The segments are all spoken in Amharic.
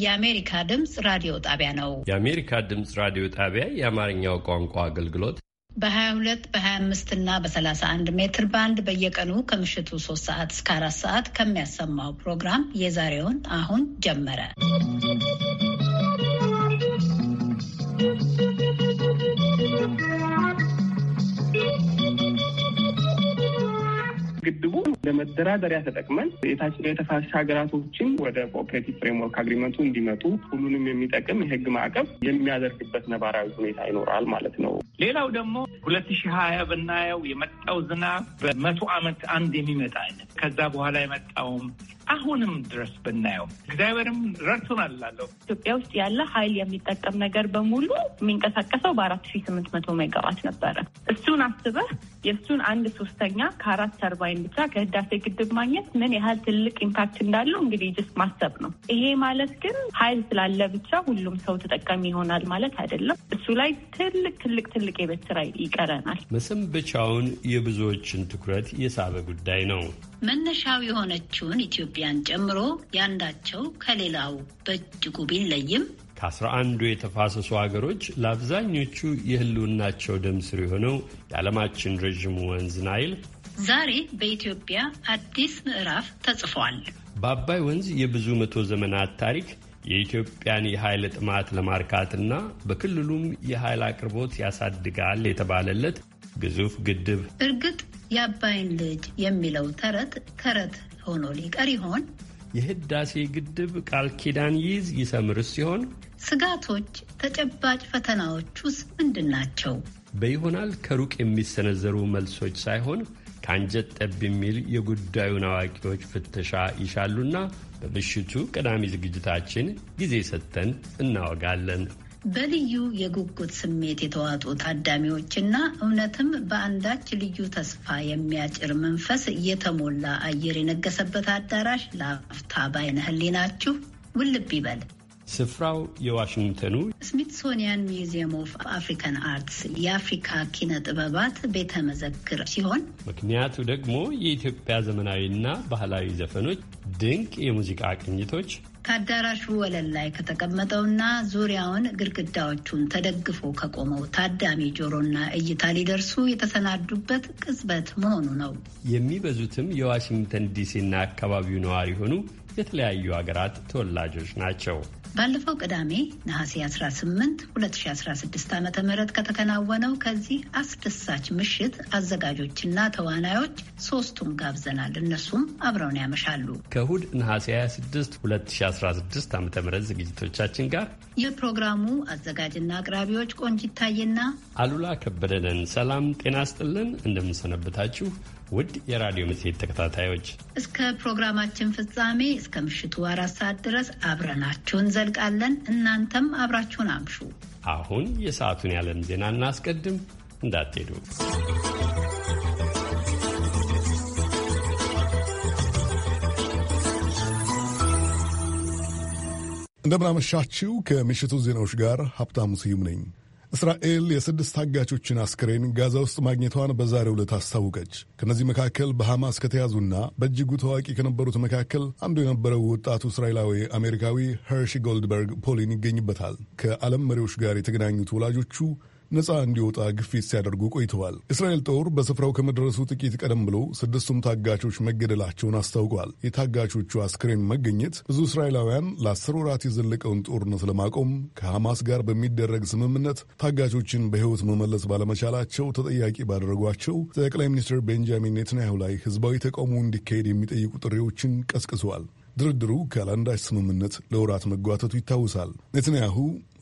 የአሜሪካ ድምፅ ራዲዮ ጣቢያ ነው። የአሜሪካ ድምፅ ራዲዮ ጣቢያ የአማርኛው ቋንቋ አገልግሎት በ22 በ25 እና በ31 ሜትር ባንድ በየቀኑ ከምሽቱ 3 ሰዓት እስከ 4 ሰዓት ከሚያሰማው ፕሮግራም የዛሬውን አሁን ጀመረ። ግድቡ መደራደሪያ ተጠቅመን የተፋሰስ ሀገራቶችን ወደ ኦፕሬቲቭ ፍሬምወርክ አግሪመንቱ እንዲመጡ ሁሉንም የሚጠቅም የህግ ማዕቀብ የሚያደርግበት ነባራዊ ሁኔታ ይኖራል ማለት ነው። ሌላው ደግሞ ሁለት ሺህ ሀያ ብናየው የመጣው ዝናብ በመቶ ዓመት አንድ የሚመጣ አይነት ከዛ በኋላ የመጣውም አሁንም ድረስ ብናየው እግዚአብሔርም ረድቶናል እላለሁ። ኢትዮጵያ ውስጥ ያለ ኃይል የሚጠቀም ነገር በሙሉ የሚንቀሳቀሰው በአራት ሺ ስምንት መቶ ሜጋዋት ነበረ። እሱን አስበህ የእሱን አንድ ሶስተኛ ከአራት ተርባይን ብቻ ከህዳሴ ግድብ ማግኘት ምን ያህል ትልቅ ኢምፓክት እንዳለው እንግዲህ ጅስ ማሰብ ነው። ይሄ ማለት ግን ኃይል ስላለ ብቻ ሁሉም ሰው ተጠቃሚ ይሆናል ማለት አይደለም። እሱ ላይ ትልቅ ትልቅ ትልቅ የቤት ስራ ይቀረናል። መሰንበቻውን የብዙዎችን ትኩረት የሳበ ጉዳይ ነው። መነሻው የሆነችውን ኢትዮጵያን ጨምሮ ያንዳቸው ከሌላው በእጅጉ ቢለይም ከአስራ አንዱ የተፋሰሱ አገሮች ለአብዛኞቹ የህልውናቸው ደም ስር የሆነው የዓለማችን ረዥሙ ወንዝ ናይል ዛሬ በኢትዮጵያ አዲስ ምዕራፍ ተጽፏል። በአባይ ወንዝ የብዙ መቶ ዘመናት ታሪክ የኢትዮጵያን የኃይል ጥማት ለማርካትና በክልሉም የኃይል አቅርቦት ያሳድጋል የተባለለት ግዙፍ ግድብ። እርግጥ የአባይን ልጅ የሚለው ተረት ተረት ሆኖ ሊቀር ይሆን? የህዳሴ ግድብ ቃል ኪዳን ይዝ ይሰምር ሲሆን ስጋቶች፣ ተጨባጭ ፈተናዎች ውስጥ ምንድን ናቸው? በይሆናል ከሩቅ የሚሰነዘሩ መልሶች ሳይሆን ከአንጀት ጠብ የሚል የጉዳዩን አዋቂዎች ፍተሻ ይሻሉና በምሽቱ ቀዳሚ ዝግጅታችን ጊዜ ሰጥተን እናወጋለን። በልዩ የጉጉት ስሜት የተዋጡ ታዳሚዎችና እውነትም በአንዳች ልዩ ተስፋ የሚያጭር መንፈስ የተሞላ አየር የነገሰበት አዳራሽ ለአፍታ በዓይነ ናችሁ ውልብ ይበል። ስፍራው የዋሽንግተኑ ስሚትሶኒያን ሚውዚየም ኦፍ አፍሪካን አርትስ የአፍሪካ ኪነ ጥበባት ቤተ መዘክር ሲሆን ምክንያቱ ደግሞ የኢትዮጵያ ዘመናዊና ባህላዊ ዘፈኖች ድንቅ የሙዚቃ ቅኝቶች ከአዳራሹ ወለል ላይ ከተቀመጠውና ዙሪያውን ግድግዳዎቹን ተደግፎ ከቆመው ታዳሚ ጆሮና እይታ ሊደርሱ የተሰናዱበት ቅጽበት መሆኑ ነው። የሚበዙትም የዋሽንግተን ዲሲና አካባቢው ነዋሪ ሆኑ የተለያዩ ሀገራት ተወላጆች ናቸው። ባለፈው ቅዳሜ ነሐሴ 18 2016 ዓ ም ከተከናወነው ከዚህ አስደሳች ምሽት አዘጋጆችና ተዋናዮች ሶስቱን ጋብዘናል። እነሱም አብረውን ያመሻሉ። ከእሁድ ነሐሴ 26 2016 ዓ ም ዝግጅቶቻችን ጋር የፕሮግራሙ አዘጋጅና አቅራቢዎች ቆንጅ ይታየና አሉላ ከበደ ሰላም ጤና ስጥልን። እንደምንሰነብታችሁ ውድ የራዲዮ መጽሔት ተከታታዮች እስከ ፕሮግራማችን ፍጻሜ እስከ ምሽቱ አራት ሰዓት ድረስ አብረናችሁን ዘልቃለን። እናንተም አብራችሁን አምሹ። አሁን የሰዓቱን የዓለም ዜና እናስቀድም፣ እንዳትሄዱ። እንደምናመሻችው ከምሽቱ ዜናዎች ጋር ሀብታሙ ስዩም ነኝ። እስራኤል የስድስት ታጋቾችን አስክሬን ጋዛ ውስጥ ማግኘቷን በዛሬው ዕለት አስታውቀች። ከእነዚህ መካከል በሐማስ ከተያዙና በእጅጉ ታዋቂ ከነበሩት መካከል አንዱ የነበረው ወጣቱ እስራኤላዊ አሜሪካዊ ሄርሺ ጎልድበርግ ፖሊን ይገኝበታል። ከዓለም መሪዎች ጋር የተገናኙት ወላጆቹ ነፃ እንዲወጣ ግፊት ሲያደርጉ ቆይተዋል። እስራኤል ጦር በስፍራው ከመድረሱ ጥቂት ቀደም ብሎ ስድስቱም ታጋቾች መገደላቸውን አስታውቋል። የታጋቾቹ አስክሬን መገኘት ብዙ እስራኤላውያን ለአስር ወራት የዘለቀውን ጦርነት ለማቆም ከሐማስ ጋር በሚደረግ ስምምነት ታጋቾችን በሕይወት መመለስ ባለመቻላቸው ተጠያቂ ባደረጓቸው ጠቅላይ ሚኒስትር ቤንጃሚን ኔትንያሁ ላይ ህዝባዊ ተቃውሞ እንዲካሄድ የሚጠይቁ ጥሪዎችን ቀስቅሰዋል። ድርድሩ ካላንዳች ስምምነት ለወራት መጓተቱ ይታወሳል። ኔትንያሁ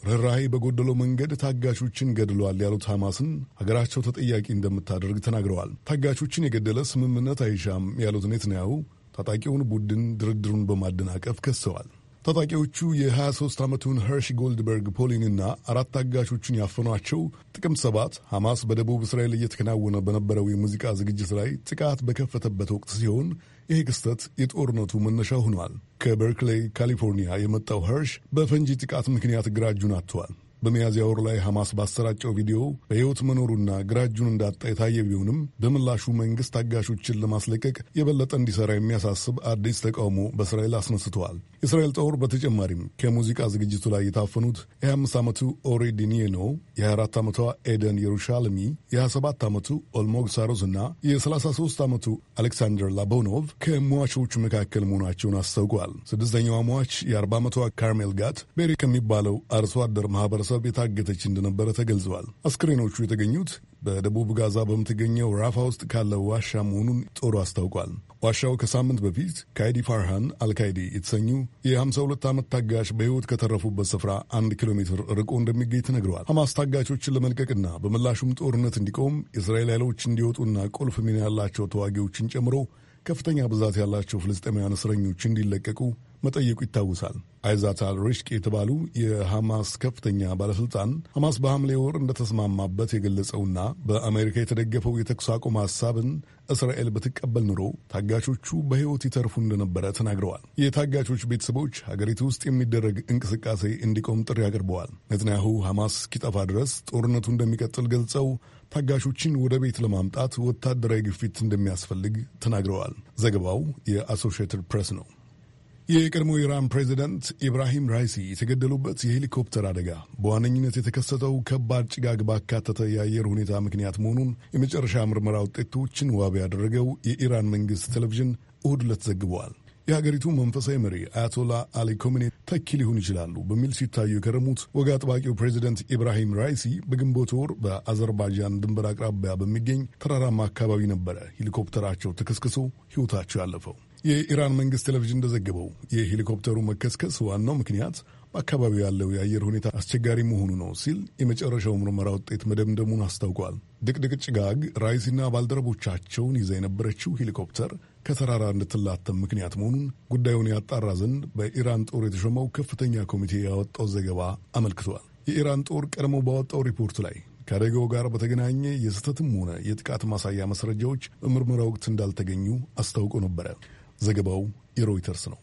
ርኅራሄ በጎደለው መንገድ ታጋቾችን ገድሏል ያሉት ሐማስን ሀገራቸው ተጠያቂ እንደምታደርግ ተናግረዋል። ታጋቾችን የገደለ ስምምነት አይሻም ያሉት ኔትንያሁ ታጣቂውን ቡድን ድርድሩን በማደናቀፍ ከሰዋል። ታጣቂዎቹ የ23 ዓመቱን ሄርሽ ጎልድበርግ ፖሊንና አራት ታጋቾችን ያፈኗቸው ጥቅምት ሰባት ሐማስ በደቡብ እስራኤል እየተከናወነ በነበረው የሙዚቃ ዝግጅት ላይ ጥቃት በከፈተበት ወቅት ሲሆን ይህ ክስተት የጦርነቱ መነሻ ሆኗል። ከበርክሌይ ካሊፎርኒያ የመጣው ሄርሽ በፈንጂ ጥቃት ምክንያት ግራ እጁን አጥቷል። በሚያዝያ ወር ላይ ሐማስ ባሰራጨው ቪዲዮ በሕይወት መኖሩና ግራ እጁን እንዳጣ የታየ ቢሆንም በምላሹ መንግሥት አጋሾችን ለማስለቀቅ የበለጠ እንዲሠራ የሚያሳስብ አዲስ ተቃውሞ በእስራኤል አስነስተዋል። የእስራኤል ጦር በተጨማሪም ከሙዚቃ ዝግጅቱ ላይ የታፈኑት የ25 ዓመቱ ኦሪ ዲኒኖ፣ የ24 ዓመቷ ኤደን የሩሻልሚ፣ የ27 ዓመቱ ኦልሞግ ሳሮስ እና የ33 ዓመቱ አሌክሳንደር ላቦኖቭ ከሟቾቹ መካከል መሆናቸውን አስታውቋል። ስድስተኛዋ ሟች የ40 ዓመቷ ካርሜል ጋት ቤሪ ከሚባለው አርሶ አደር ማህበረሰብ ቤተሰብ የታገተች እንደነበረ ተገልጸዋል። አስክሬኖቹ የተገኙት በደቡብ ጋዛ በምትገኘው ራፋ ውስጥ ካለ ዋሻ መሆኑን ጦሩ አስታውቋል። ዋሻው ከሳምንት በፊት ካይዲ ፋርሃን አልካይዲ የተሰኙ የ52 ዓመት ታጋሽ በሕይወት ከተረፉበት ስፍራ አንድ ኪሎ ሜትር ርቆ እንደሚገኝ ተነግረዋል። ሐማስ ታጋቾችን ለመልቀቅና በምላሹም ጦርነት እንዲቆም የእስራኤል ኃይሎች እንዲወጡና ቁልፍ ሚና ያላቸው ተዋጊዎችን ጨምሮ ከፍተኛ ብዛት ያላቸው ፍልስጤማውያን እስረኞች እንዲለቀቁ መጠየቁ ይታወሳል። አይዛታል ሪሽቅ የተባሉ የሐማስ ከፍተኛ ባለሥልጣን ሐማስ በሐምሌ ወር እንደተስማማበት የገለጸውና በአሜሪካ የተደገፈው የተኩስ አቁም ሐሳብን እስራኤል ብትቀበል ኑሮ ታጋቾቹ በሕይወት ይተርፉ እንደነበረ ተናግረዋል። የታጋቾች ቤተሰቦች ሀገሪቱ ውስጥ የሚደረግ እንቅስቃሴ እንዲቆም ጥሪ አቅርበዋል። ነትንያሁ ሐማስ እስኪጠፋ ድረስ ጦርነቱ እንደሚቀጥል ገልጸው ታጋሾችን ወደ ቤት ለማምጣት ወታደራዊ ግፊት እንደሚያስፈልግ ተናግረዋል። ዘገባው የአሶሺየትድ ፕሬስ ነው። የቀድሞ ኢራን ፕሬዚደንት ኢብራሂም ራይሲ የተገደሉበት የሄሊኮፕተር አደጋ በዋነኝነት የተከሰተው ከባድ ጭጋግ ባካተተ የአየር ሁኔታ ምክንያት መሆኑን የመጨረሻ ምርመራ ውጤቶችን ዋቢ ያደረገው የኢራን መንግሥት ቴሌቪዥን እሁድ ዕለት ዘግበዋል። የሀገሪቱ መንፈሳዊ መሪ አያቶላ አሊ ኮሚኔ ተኪ ሊሆን ይችላሉ በሚል ሲታዩ የከረሙት ወግ አጥባቂው ፕሬዚደንት ኢብራሂም ራይሲ በግንቦት ወር በአዘርባይጃን ድንበር አቅራቢያ በሚገኝ ተራራማ አካባቢ ነበረ ሄሊኮፕተራቸው ተከስክሶ ሕይወታቸው ያለፈው። የኢራን መንግስት ቴሌቪዥን እንደዘገበው የሄሊኮፕተሩ መከስከስ ዋናው ምክንያት በአካባቢው ያለው የአየር ሁኔታ አስቸጋሪ መሆኑ ነው ሲል የመጨረሻው ምርመራ ውጤት መደምደሙን አስታውቋል። ድቅድቅ ጭጋግ ራይሲና ባልደረቦቻቸውን ይዛ የነበረችው ሄሊኮፕተር ከተራራ እንድትላተም ምክንያት መሆኑን ጉዳዩን ያጣራ ዘንድ በኢራን ጦር የተሾመው ከፍተኛ ኮሚቴ ያወጣው ዘገባ አመልክቷል። የኢራን ጦር ቀድሞ ባወጣው ሪፖርት ላይ ከአደጋው ጋር በተገናኘ የስህተትም ሆነ የጥቃት ማሳያ ማስረጃዎች በምርመራ ወቅት እንዳልተገኙ አስታውቆ ነበረ። ዘገባው የሮይተርስ ነው።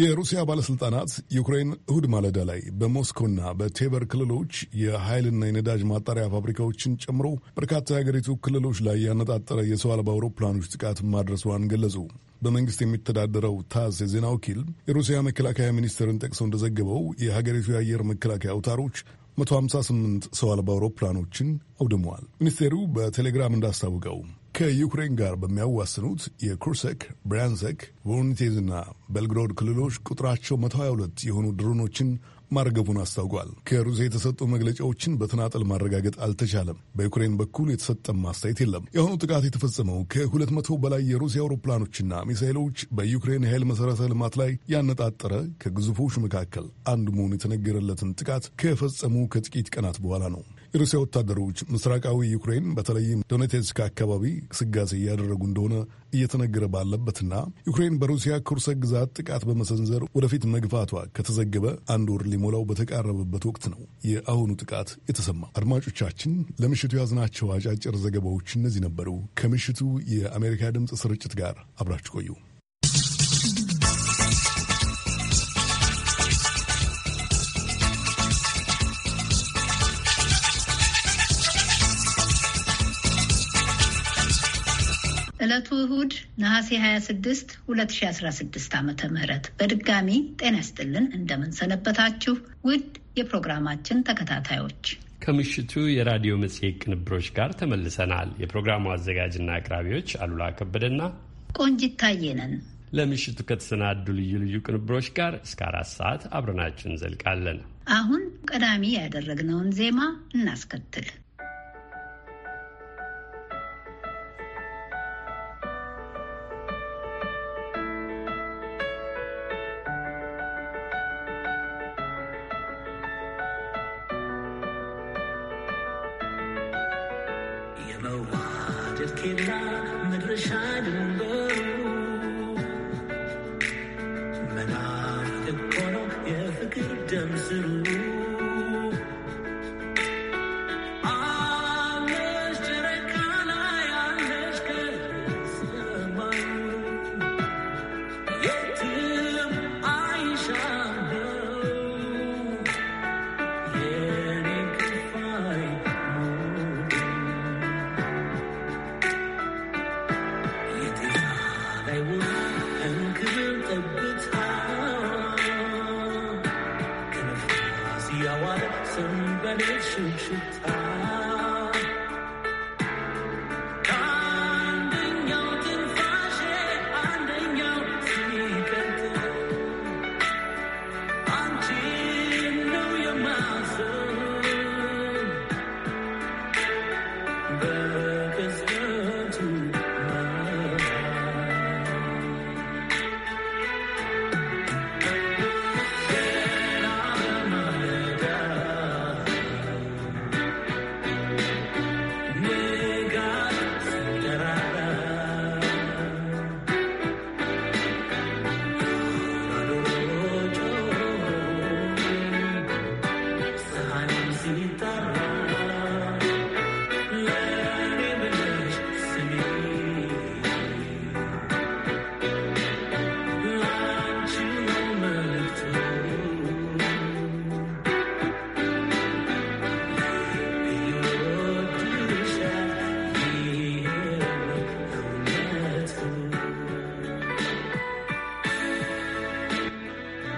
የሩሲያ ባለሥልጣናት ዩክሬን እሁድ ማለዳ ላይ በሞስኮና በቴበር ክልሎች የኃይልና የነዳጅ ማጣሪያ ፋብሪካዎችን ጨምሮ በርካታ የሀገሪቱ ክልሎች ላይ ያነጣጠረ የሰው አልባ አውሮፕላኖች ጥቃት ማድረሷን ገለጹ። በመንግሥት የሚተዳደረው ታስ የዜና ወኪል የሩሲያ መከላከያ ሚኒስቴርን ጠቅሶ እንደዘገበው የሀገሪቱ የአየር መከላከያ አውታሮች 158 ሰው አልባ አውሮፕላኖችን አውድመዋል። ሚኒስቴሩ በቴሌግራም እንዳስታውቀው ከዩክሬን ጋር በሚያዋስኑት የኩርሰክ፣ ብሪያንሰክ፣ ና ቤልግሮድ ክልሎች ቁጥራቸው 122 የሆኑ ድሮኖችን ማርገቡን አስታውቋል። ከሩሲያ የተሰጡ መግለጫዎችን በተናጠል ማረጋገጥ አልተቻለም። በዩክሬን በኩል የተሰጠም ማስተያየት የለም። የአሁኑ ጥቃት የተፈጸመው ከ መቶ በላይ የሩሲያ አውሮፕላኖችና ሚሳይሎች በዩክሬን የኃይል መሠረተ ልማት ላይ ያነጣጠረ ከግዙፎች መካከል አንዱ መሆኑ የተነገረለትን ጥቃት ከፈጸሙ ከጥቂት ቀናት በኋላ ነው። የሩሲያ ወታደሮች ምስራቃዊ ዩክሬን በተለይም ዶኔቴስክ አካባቢ ግስጋሴ እያደረጉ እንደሆነ እየተነገረ ባለበትና ዩክሬን በሩሲያ ኩርሰ ግዛት ጥቃት በመሰንዘር ወደፊት መግፋቷ ከተዘገበ አንድ ወር ሊሞላው በተቃረበበት ወቅት ነው የአሁኑ ጥቃት የተሰማ። አድማጮቻችን፣ ለምሽቱ ያዝናቸው አጫጭር ዘገባዎች እነዚህ ነበሩ። ከምሽቱ የአሜሪካ ድምፅ ስርጭት ጋር አብራችሁ ቆዩ። ዕለቱ እሁድ ነሐሴ 26 2016 ዓ ም በድጋሚ ጤና ይስጥልን። እንደምንሰነበታችሁ ውድ የፕሮግራማችን ተከታታዮች ከምሽቱ የራዲዮ መጽሔት ቅንብሮች ጋር ተመልሰናል። የፕሮግራሙ አዘጋጅና አቅራቢዎች አሉላ ከበደና ቆንጂት ታየ ነን። ለምሽቱ ከተሰናዱ ልዩ ልዩ ቅንብሮች ጋር እስከ አራት ሰዓት አብረናችሁ እንዘልቃለን። አሁን ቀዳሚ ያደረግነውን ዜማ እናስከትል። never wanted. Just keep on the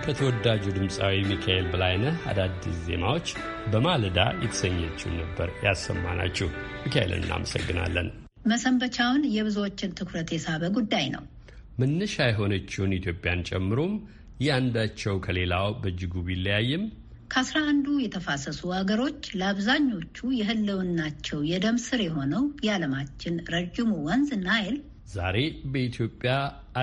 ከተወዳጁ ድምፃዊ ሚካኤል በላይነህ አዳዲስ ዜማዎች በማለዳ የተሰኘችውን ነበር ያሰማናችሁ። ሚካኤልን እናመሰግናለን። መሰንበቻውን የብዙዎችን ትኩረት የሳበ ጉዳይ ነው። መነሻ የሆነችውን ኢትዮጵያን ጨምሮም የአንዳቸው ከሌላው በእጅጉ ቢለያይም ከአስራ አንዱ የተፋሰሱ አገሮች ለአብዛኞቹ የህለውናቸው የደም ስር የሆነው የዓለማችን ረጅሙ ወንዝ ናይል ዛሬ በኢትዮጵያ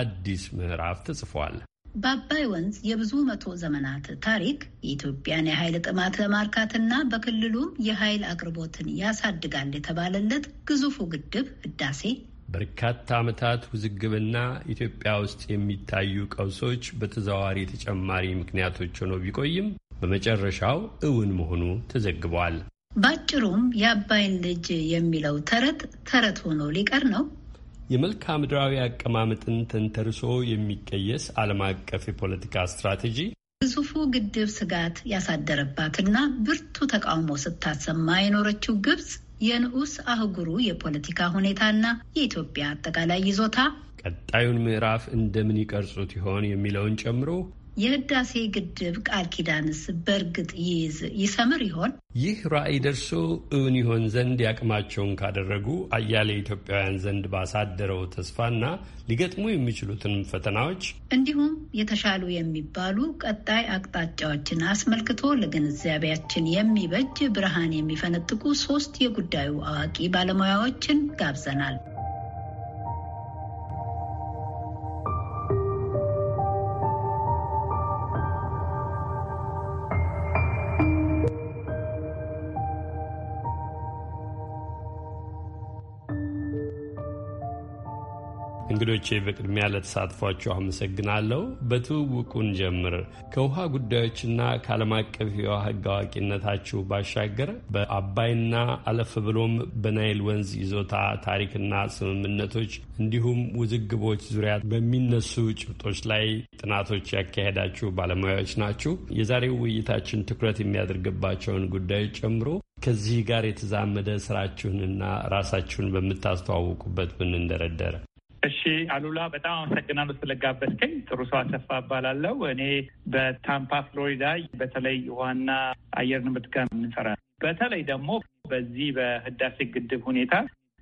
አዲስ ምዕራፍ ተጽፏል። በአባይ ወንዝ የብዙ መቶ ዘመናት ታሪክ የኢትዮጵያን የኃይል ጥማት ለማርካትና በክልሉም የኃይል አቅርቦትን ያሳድጋል የተባለለት ግዙፉ ግድብ ህዳሴ በርካታ ዓመታት ውዝግብና ኢትዮጵያ ውስጥ የሚታዩ ቀውሶች በተዘዋዋሪ ተጨማሪ ምክንያቶች ሆኖ ቢቆይም በመጨረሻው እውን መሆኑ ተዘግቧል። ባጭሩም የአባይን ልጅ የሚለው ተረት ተረት ሆኖ ሊቀር ነው። የመልክዓ ምድራዊ አቀማመጥን ተንተርሶ የሚቀየስ ዓለም አቀፍ የፖለቲካ ስትራቴጂ ግዙፉ ግድብ ስጋት ያሳደረባትና ብርቱ ተቃውሞ ስታሰማ የኖረችው ግብጽ የንዑስ አህጉሩ የፖለቲካ ሁኔታና የኢትዮጵያ አጠቃላይ ይዞታ ቀጣዩን ምዕራፍ እንደምን ይቀርጹት ይሆን የሚለውን ጨምሮ የህዳሴ ግድብ ቃል ኪዳንስ በእርግጥ ይይዝ ይሰምር ይሆን? ይህ ራዕይ ደርሶ እውን ይሆን ዘንድ ያቅማቸውን ካደረጉ አያሌ ኢትዮጵያውያን ዘንድ ባሳደረው ተስፋና ሊገጥሙ የሚችሉትን ፈተናዎች እንዲሁም የተሻሉ የሚባሉ ቀጣይ አቅጣጫዎችን አስመልክቶ ለግንዛቤያችን የሚበጅ ብርሃን የሚፈነጥቁ ሶስት የጉዳዩ አዋቂ ባለሙያዎችን ጋብዘናል። እንግዶቼ በቅድሚያ ለተሳትፏቸው አመሰግናለሁ። በትውውቁን ጀምር ከውሃ ጉዳዮችና ከዓለም አቀፍ የውሃ ሕግ አዋቂነታችሁ ባሻገር በአባይና አለፍ ብሎም በናይል ወንዝ ይዞታ ታሪክና ስምምነቶች እንዲሁም ውዝግቦች ዙሪያ በሚነሱ ጭብጦች ላይ ጥናቶች ያካሄዳችሁ ባለሙያዎች ናችሁ። የዛሬው ውይይታችን ትኩረት የሚያደርግባቸውን ጉዳዮች ጨምሮ ከዚህ ጋር የተዛመደ ስራችሁንና ራሳችሁን በምታስተዋውቁበት ብንደረደረ እሺ አሉላ በጣም አመሰግናለሁ ስለጋበዝከኝ። ጥሩ ሰው አሰፋ እባላለሁ። እኔ በታምፓ ፍሎሪዳ በተለይ ዋና አየር ንብረት ጋር የምንሰራ በተለይ ደግሞ በዚህ በህዳሴ ግድብ ሁኔታ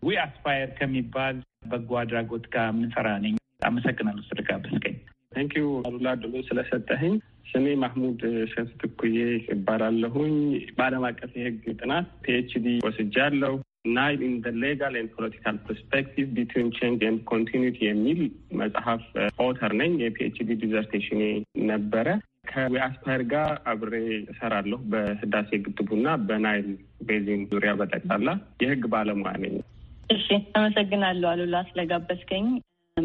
ዊ አስፓየር ከሚባል በጎ አድራጎት ጋር የምንሰራ ነኝ። አመሰግናለሁ ስለጋበዝከኝ። ታንኪዩ አሉላ ድሎ ስለሰጠህኝ። ስሜ ማህሙድ ሸምስ ይባላለሁኝ። በዓለም አቀፍ የህግ ጥናት ፒኤችዲ ወስጃለሁ። ናይል ኢን ደ ሌጋል ኤንድ ፖለቲካል ፐርስፔክቲቭ ቢትዊን ቼንጅ ኤንድ ኮንቲኒቲ የሚል መጽሐፍ ኦተር uh, ነኝ። የፒኤችዲ ዲዘርቴሽን ነበረ። ከዊአስፓር ጋር አብሬ እሰራለሁ። በህዳሴ ግድቡና በናይል ቤዚን ዙሪያ በጠቅላላ የህግ ባለሙያ ነኝ። እሺ፣ አመሰግናለሁ አሉላ ስለጋበዝከኝ።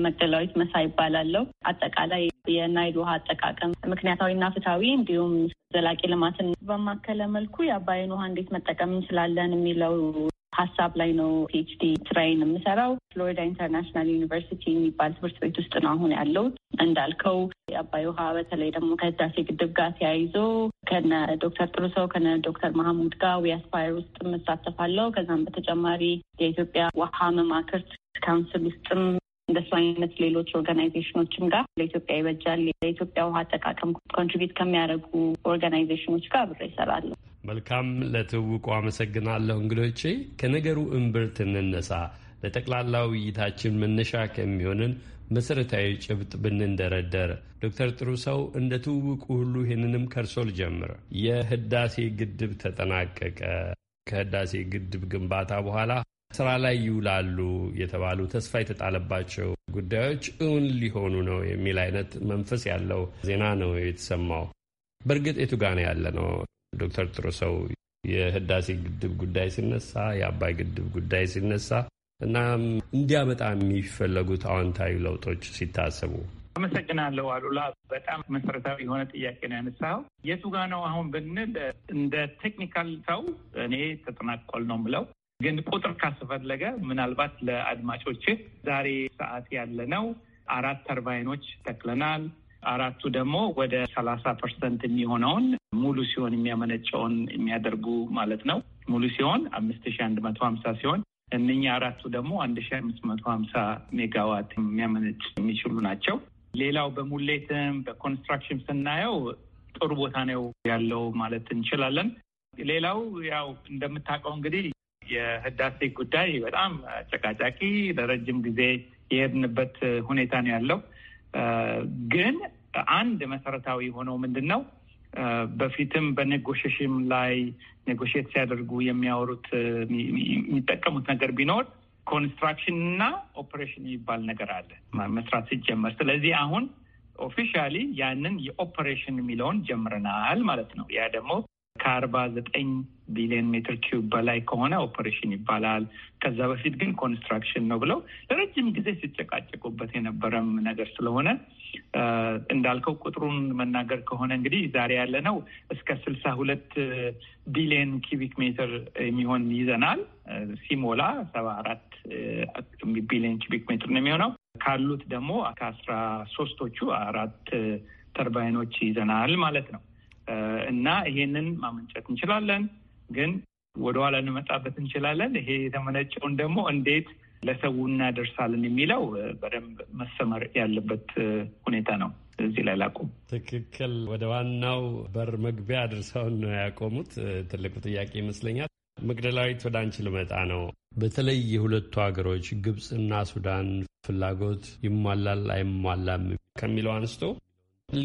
መቅደላዊት መሳይ ይባላለሁ። አጠቃላይ የናይል ውሃ አጠቃቀም ምክንያታዊና ፍትሐዊ እንዲሁም ዘላቂ ልማትን በማከለ መልኩ የአባይን ውሃ እንዴት መጠቀም እንችላለን የሚለው ሀሳብ ላይ ነው ፒኤችዲ ስራዬን የምሰራው። ፍሎሪዳ ኢንተርናሽናል ዩኒቨርሲቲ የሚባል ትምህርት ቤት ውስጥ ነው አሁን ያለው። እንዳልከው የአባይ ውሃ በተለይ ደግሞ ከህዳሴ ግድብ ጋር ተያይዞ ከነ ዶክተር ጥሩሰው ከነ ዶክተር መሐሙድ ጋር ዊያስፓየር ውስጥ የምሳተፋለው። ከዛም በተጨማሪ የኢትዮጵያ ውሃ መማክርት ካውንስል ውስጥም እንደሱ አይነት ሌሎች ኦርጋናይዜሽኖችም ጋር ለኢትዮጵያ ይበጃል ለኢትዮጵያ ውሃ አጠቃቀም ኮንትሪቢዩት ከሚያደርጉ ኦርጋናይዜሽኖች ጋር አብሬ እሰራለሁ። መልካም፣ ለትውውቁ አመሰግናለሁ። እንግዶቼ ከነገሩ እምብርት እንነሳ። ለጠቅላላ ውይይታችን መነሻ ከሚሆንን መሰረታዊ ጭብጥ ብንንደረደር፣ ዶክተር ጥሩ ሰው እንደ ትውውቁ ሁሉ ይህንንም ከርሶ ልጀምር። የህዳሴ ግድብ ተጠናቀቀ። ከህዳሴ ግድብ ግንባታ በኋላ ስራ ላይ ይውላሉ የተባሉ ተስፋ የተጣለባቸው ጉዳዮች እውን ሊሆኑ ነው የሚል አይነት መንፈስ ያለው ዜና ነው የተሰማው። በእርግጥ የቱጋ ነው ያለ ነው ዶክተር ጥሩሰው የህዳሴ ግድብ ጉዳይ ሲነሳ፣ የአባይ ግድብ ጉዳይ ሲነሳ እናም እንዲያመጣ የሚፈለጉት አዎንታዊ ለውጦች ሲታሰቡ አመሰግናለሁ አሉላ። በጣም መሰረታዊ የሆነ ጥያቄ ነው ያነሳው። የቱ ጋ ነው አሁን ብንል እንደ ቴክኒካል ሰው እኔ ተጠናቋል ነው ምለው። ግን ቁጥር ካስፈለገ ምናልባት ለአድማጮች ዛሬ ሰዓት ያለ ነው አራት ተርባይኖች ተክለናል። አራቱ ደግሞ ወደ ሰላሳ ፐርሰንት የሚሆነውን ሙሉ ሲሆን የሚያመነጨውን የሚያደርጉ ማለት ነው። ሙሉ ሲሆን አምስት ሺ አንድ መቶ ሀምሳ ሲሆን እነኛ አራቱ ደግሞ አንድ ሺ አምስት መቶ ሀምሳ ሜጋዋት የሚያመነጭ የሚችሉ ናቸው። ሌላው በሙሌትም በኮንስትራክሽን ስናየው ጥሩ ቦታ ነው ያለው ማለት እንችላለን። ሌላው ያው እንደምታውቀው እንግዲህ የህዳሴ ጉዳይ በጣም አጨቃጫቂ ለረጅም ጊዜ የሄድንበት ሁኔታ ነው ያለው። ግን አንድ መሰረታዊ የሆነው ምንድን ነው በፊትም በኔጎሽሽም ላይ ኔጎሽት ሲያደርጉ የሚያወሩት የሚጠቀሙት ነገር ቢኖር ኮንስትራክሽን እና ኦፕሬሽን የሚባል ነገር አለ መስራት ሲጀመር። ስለዚህ አሁን ኦፊሻሊ ያንን የኦፕሬሽን የሚለውን ጀምረናል ማለት ነው። ያ ደግሞ ከአርባ ዘጠኝ ቢሊዮን ሜትር ኪዩብ በላይ ከሆነ ኦፐሬሽን ይባላል። ከዛ በፊት ግን ኮንስትራክሽን ነው ብለው ለረጅም ጊዜ ሲጨቃጨቁበት የነበረም ነገር ስለሆነ እንዳልከው ቁጥሩን መናገር ከሆነ እንግዲህ ዛሬ ያለ ነው እስከ ስልሳ ሁለት ቢሊዮን ኪቢክ ሜትር የሚሆን ይዘናል። ሲሞላ ሰባ አራት ቢሊዮን ኪቢክ ሜትር ነው የሚሆነው። ካሉት ደግሞ ከአስራ ሶስቶቹ አራት ተርባይኖች ይዘናል ማለት ነው። እና ይሄንን ማመንጨት እንችላለን። ግን ወደኋላ ልመጣበት እንችላለን። ይሄ የተመነጨውን ደግሞ እንዴት ለሰው እናደርሳለን የሚለው በደንብ መሰመር ያለበት ሁኔታ ነው። እዚህ ላይ ላቁም። ትክክል። ወደ ዋናው በር መግቢያ አድርሰውን ነው ያቆሙት። ትልቁ ጥያቄ ይመስለኛል። መግደላዊት ወደ አንቺ ልመጣ ነው። በተለይ የሁለቱ ሀገሮች ግብፅና ሱዳን ፍላጎት ይሟላል አይሟላም ከሚለው አንስቶ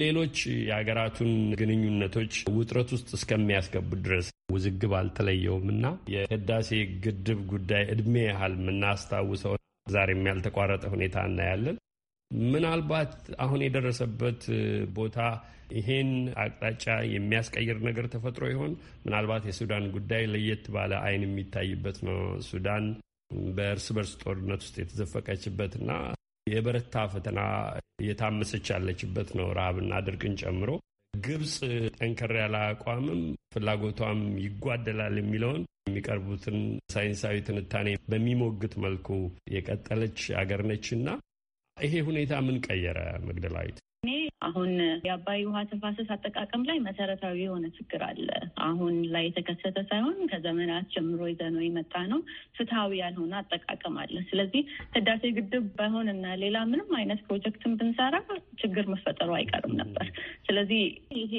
ሌሎች የሀገራቱን ግንኙነቶች ውጥረት ውስጥ እስከሚያስገቡ ድረስ ውዝግብ አልተለየውም እና የህዳሴ ግድብ ጉዳይ እድሜ ያህል የምናስታውሰው ዛሬም ያልተቋረጠ ሁኔታ እናያለን። ምናልባት አሁን የደረሰበት ቦታ ይሄን አቅጣጫ የሚያስቀይር ነገር ተፈጥሮ ይሆን? ምናልባት የሱዳን ጉዳይ ለየት ባለ አይን የሚታይበት ነው። ሱዳን በእርስ በርስ ጦርነት ውስጥ የተዘፈቀችበትና የበረታ ፈተና እየታመሰች ያለችበት ነው፣ ረሃብና ድርቅን ጨምሮ። ግብጽ ጠንከር ያለ አቋምም ፍላጎቷም ይጓደላል የሚለውን የሚቀርቡትን ሳይንሳዊ ትንታኔ በሚሞግት መልኩ የቀጠለች አገር ነች እና ይሄ ሁኔታ ምን ቀየረ መግደላዊት? እኔ አሁን የአባይ ውሃ ተፋሰስ አጠቃቀም ላይ መሰረታዊ የሆነ ችግር አለ። አሁን ላይ የተከሰተ ሳይሆን ከዘመናት ጀምሮ ይዘነው የመጣ ነው። ፍትሐዊ ያልሆነ አጠቃቀም አለ። ስለዚህ ህዳሴ ግድብ ባይሆን እና ሌላ ምንም አይነት ፕሮጀክትን ብንሰራ ችግር መፈጠሩ አይቀርም ነበር። ስለዚህ ይሄ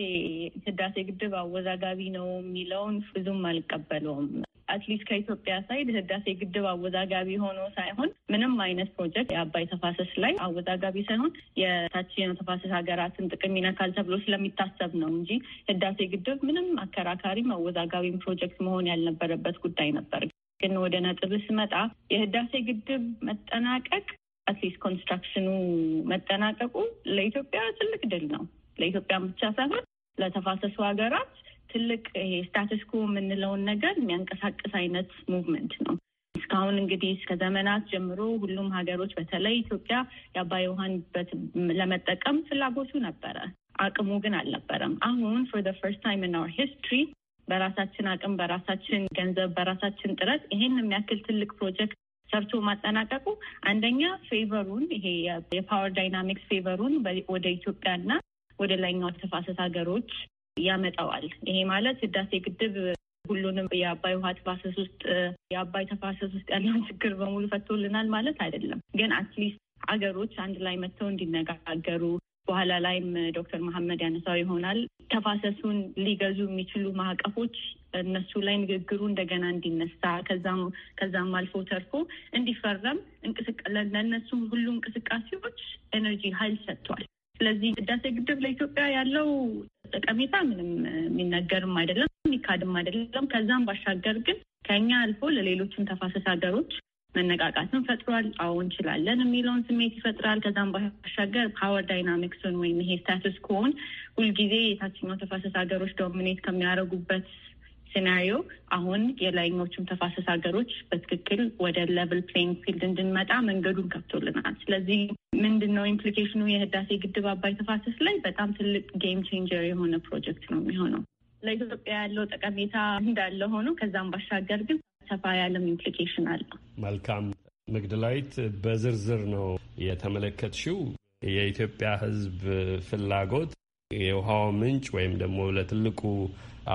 ህዳሴ ግድብ አወዛጋቢ ነው የሚለውን ብዙም አልቀበለውም። አትሊስት ከኢትዮጵያ ሳይድ ህዳሴ ግድብ አወዛጋቢ ሆኖ ሳይሆን ምንም አይነት ፕሮጀክት የአባይ ተፋሰስ ላይ አወዛጋቢ ሳይሆን የታችኛው ተፋሰስ ሀገራትን ጥቅም ይነካል ተብሎ ስለሚታሰብ ነው እንጂ ህዳሴ ግድብ ምንም አከራካሪም አወዛጋቢም ፕሮጀክት መሆን ያልነበረበት ጉዳይ ነበር። ግን ወደ ነጥብ ስመጣ የህዳሴ ግድብ መጠናቀቅ አትሊስት ኮንስትራክሽኑ መጠናቀቁ ለኢትዮጵያ ትልቅ ድል ነው። ለኢትዮጵያ ብቻ ሳይሆን ለተፋሰሱ ሀገራት ትልቅ ኩ የምንለውን ነገር የሚያንቀሳቅስ አይነት ሙቭመንት ነው። እስካሁን እንግዲህ እስከ ዘመናት ጀምሮ ሁሉም ሀገሮች በተለይ ኢትዮጵያ የአባይ ውሃን ለመጠቀም ፍላጎቱ ነበረ፣ አቅሙ ግን አልነበረም። አሁን ፎር ፈርስት ታይም ኢን አወር ሂስትሪ በራሳችን አቅም፣ በራሳችን ገንዘብ፣ በራሳችን ጥረት ይሄን የሚያክል ትልቅ ፕሮጀክት ሰርቶ ማጠናቀቁ አንደኛ ፌቨሩን ይሄ የፓወር ዳይናሚክስ ፌቨሩን ወደ ኢትዮጵያና ወደ ላይኛው ተፋሰስ ሀገሮች ያመጣዋል። ይሄ ማለት ህዳሴ ግድብ ሁሉንም የአባይ ውሃ ተፋሰስ ውስጥ የአባይ ተፋሰስ ውስጥ ያለውን ችግር በሙሉ ፈቶልናል ማለት አይደለም። ግን አትሊስት አገሮች አንድ ላይ መጥተው እንዲነጋገሩ በኋላ ላይም ዶክተር መሐመድ ያነሳው ይሆናል ተፋሰሱን ሊገዙ የሚችሉ ማዕቀፎች እነሱ ላይ ንግግሩ እንደገና እንዲነሳ ከዛም አልፎ ተርፎ እንዲፈረም ለእነሱም ሁሉ እንቅስቃሴዎች ኤነርጂ ሀይል ሰጥቷል። ስለዚህ ህዳሴ ግድብ ለኢትዮጵያ ያለው ጠቀሜታ ምንም የሚነገርም አይደለም፣ የሚካድም አይደለም። ከዛም ባሻገር ግን ከኛ አልፎ ለሌሎችም ተፋሰስ ሀገሮች መነቃቃትን ፈጥሯል። አዎ እንችላለን የሚለውን ስሜት ይፈጥራል። ከዛም ባሻገር ፓወር ዳይናሚክስን ወይም ይሄ ስታትስ ኮን ሁልጊዜ የታችኛው ተፋሰስ ሀገሮች ዶሚኔት ከሚያደርጉበት ሲናሪዮ አሁን የላይኞቹም ተፋሰስ ሀገሮች በትክክል ወደ ሌቭል ፕሌይንግ ፊልድ እንድንመጣ መንገዱን ከፍቶልናል። ስለዚህ ምንድን ነው ኢምፕሊኬሽኑ? የህዳሴ ግድብ አባይ ተፋሰስ ላይ በጣም ትልቅ ጌም ቼንጀር የሆነ ፕሮጀክት ነው የሚሆነው። ለኢትዮጵያ ያለው ጠቀሜታ እንዳለ ሆኖ ከዛም ባሻገር ግን ሰፋ ያለም ኢምፕሊኬሽን አለው። መልካም መግደላዊት፣ በዝርዝር ነው የተመለከትሽው። የኢትዮጵያ ህዝብ ፍላጎት የውሃው ምንጭ ወይም ደግሞ ለትልቁ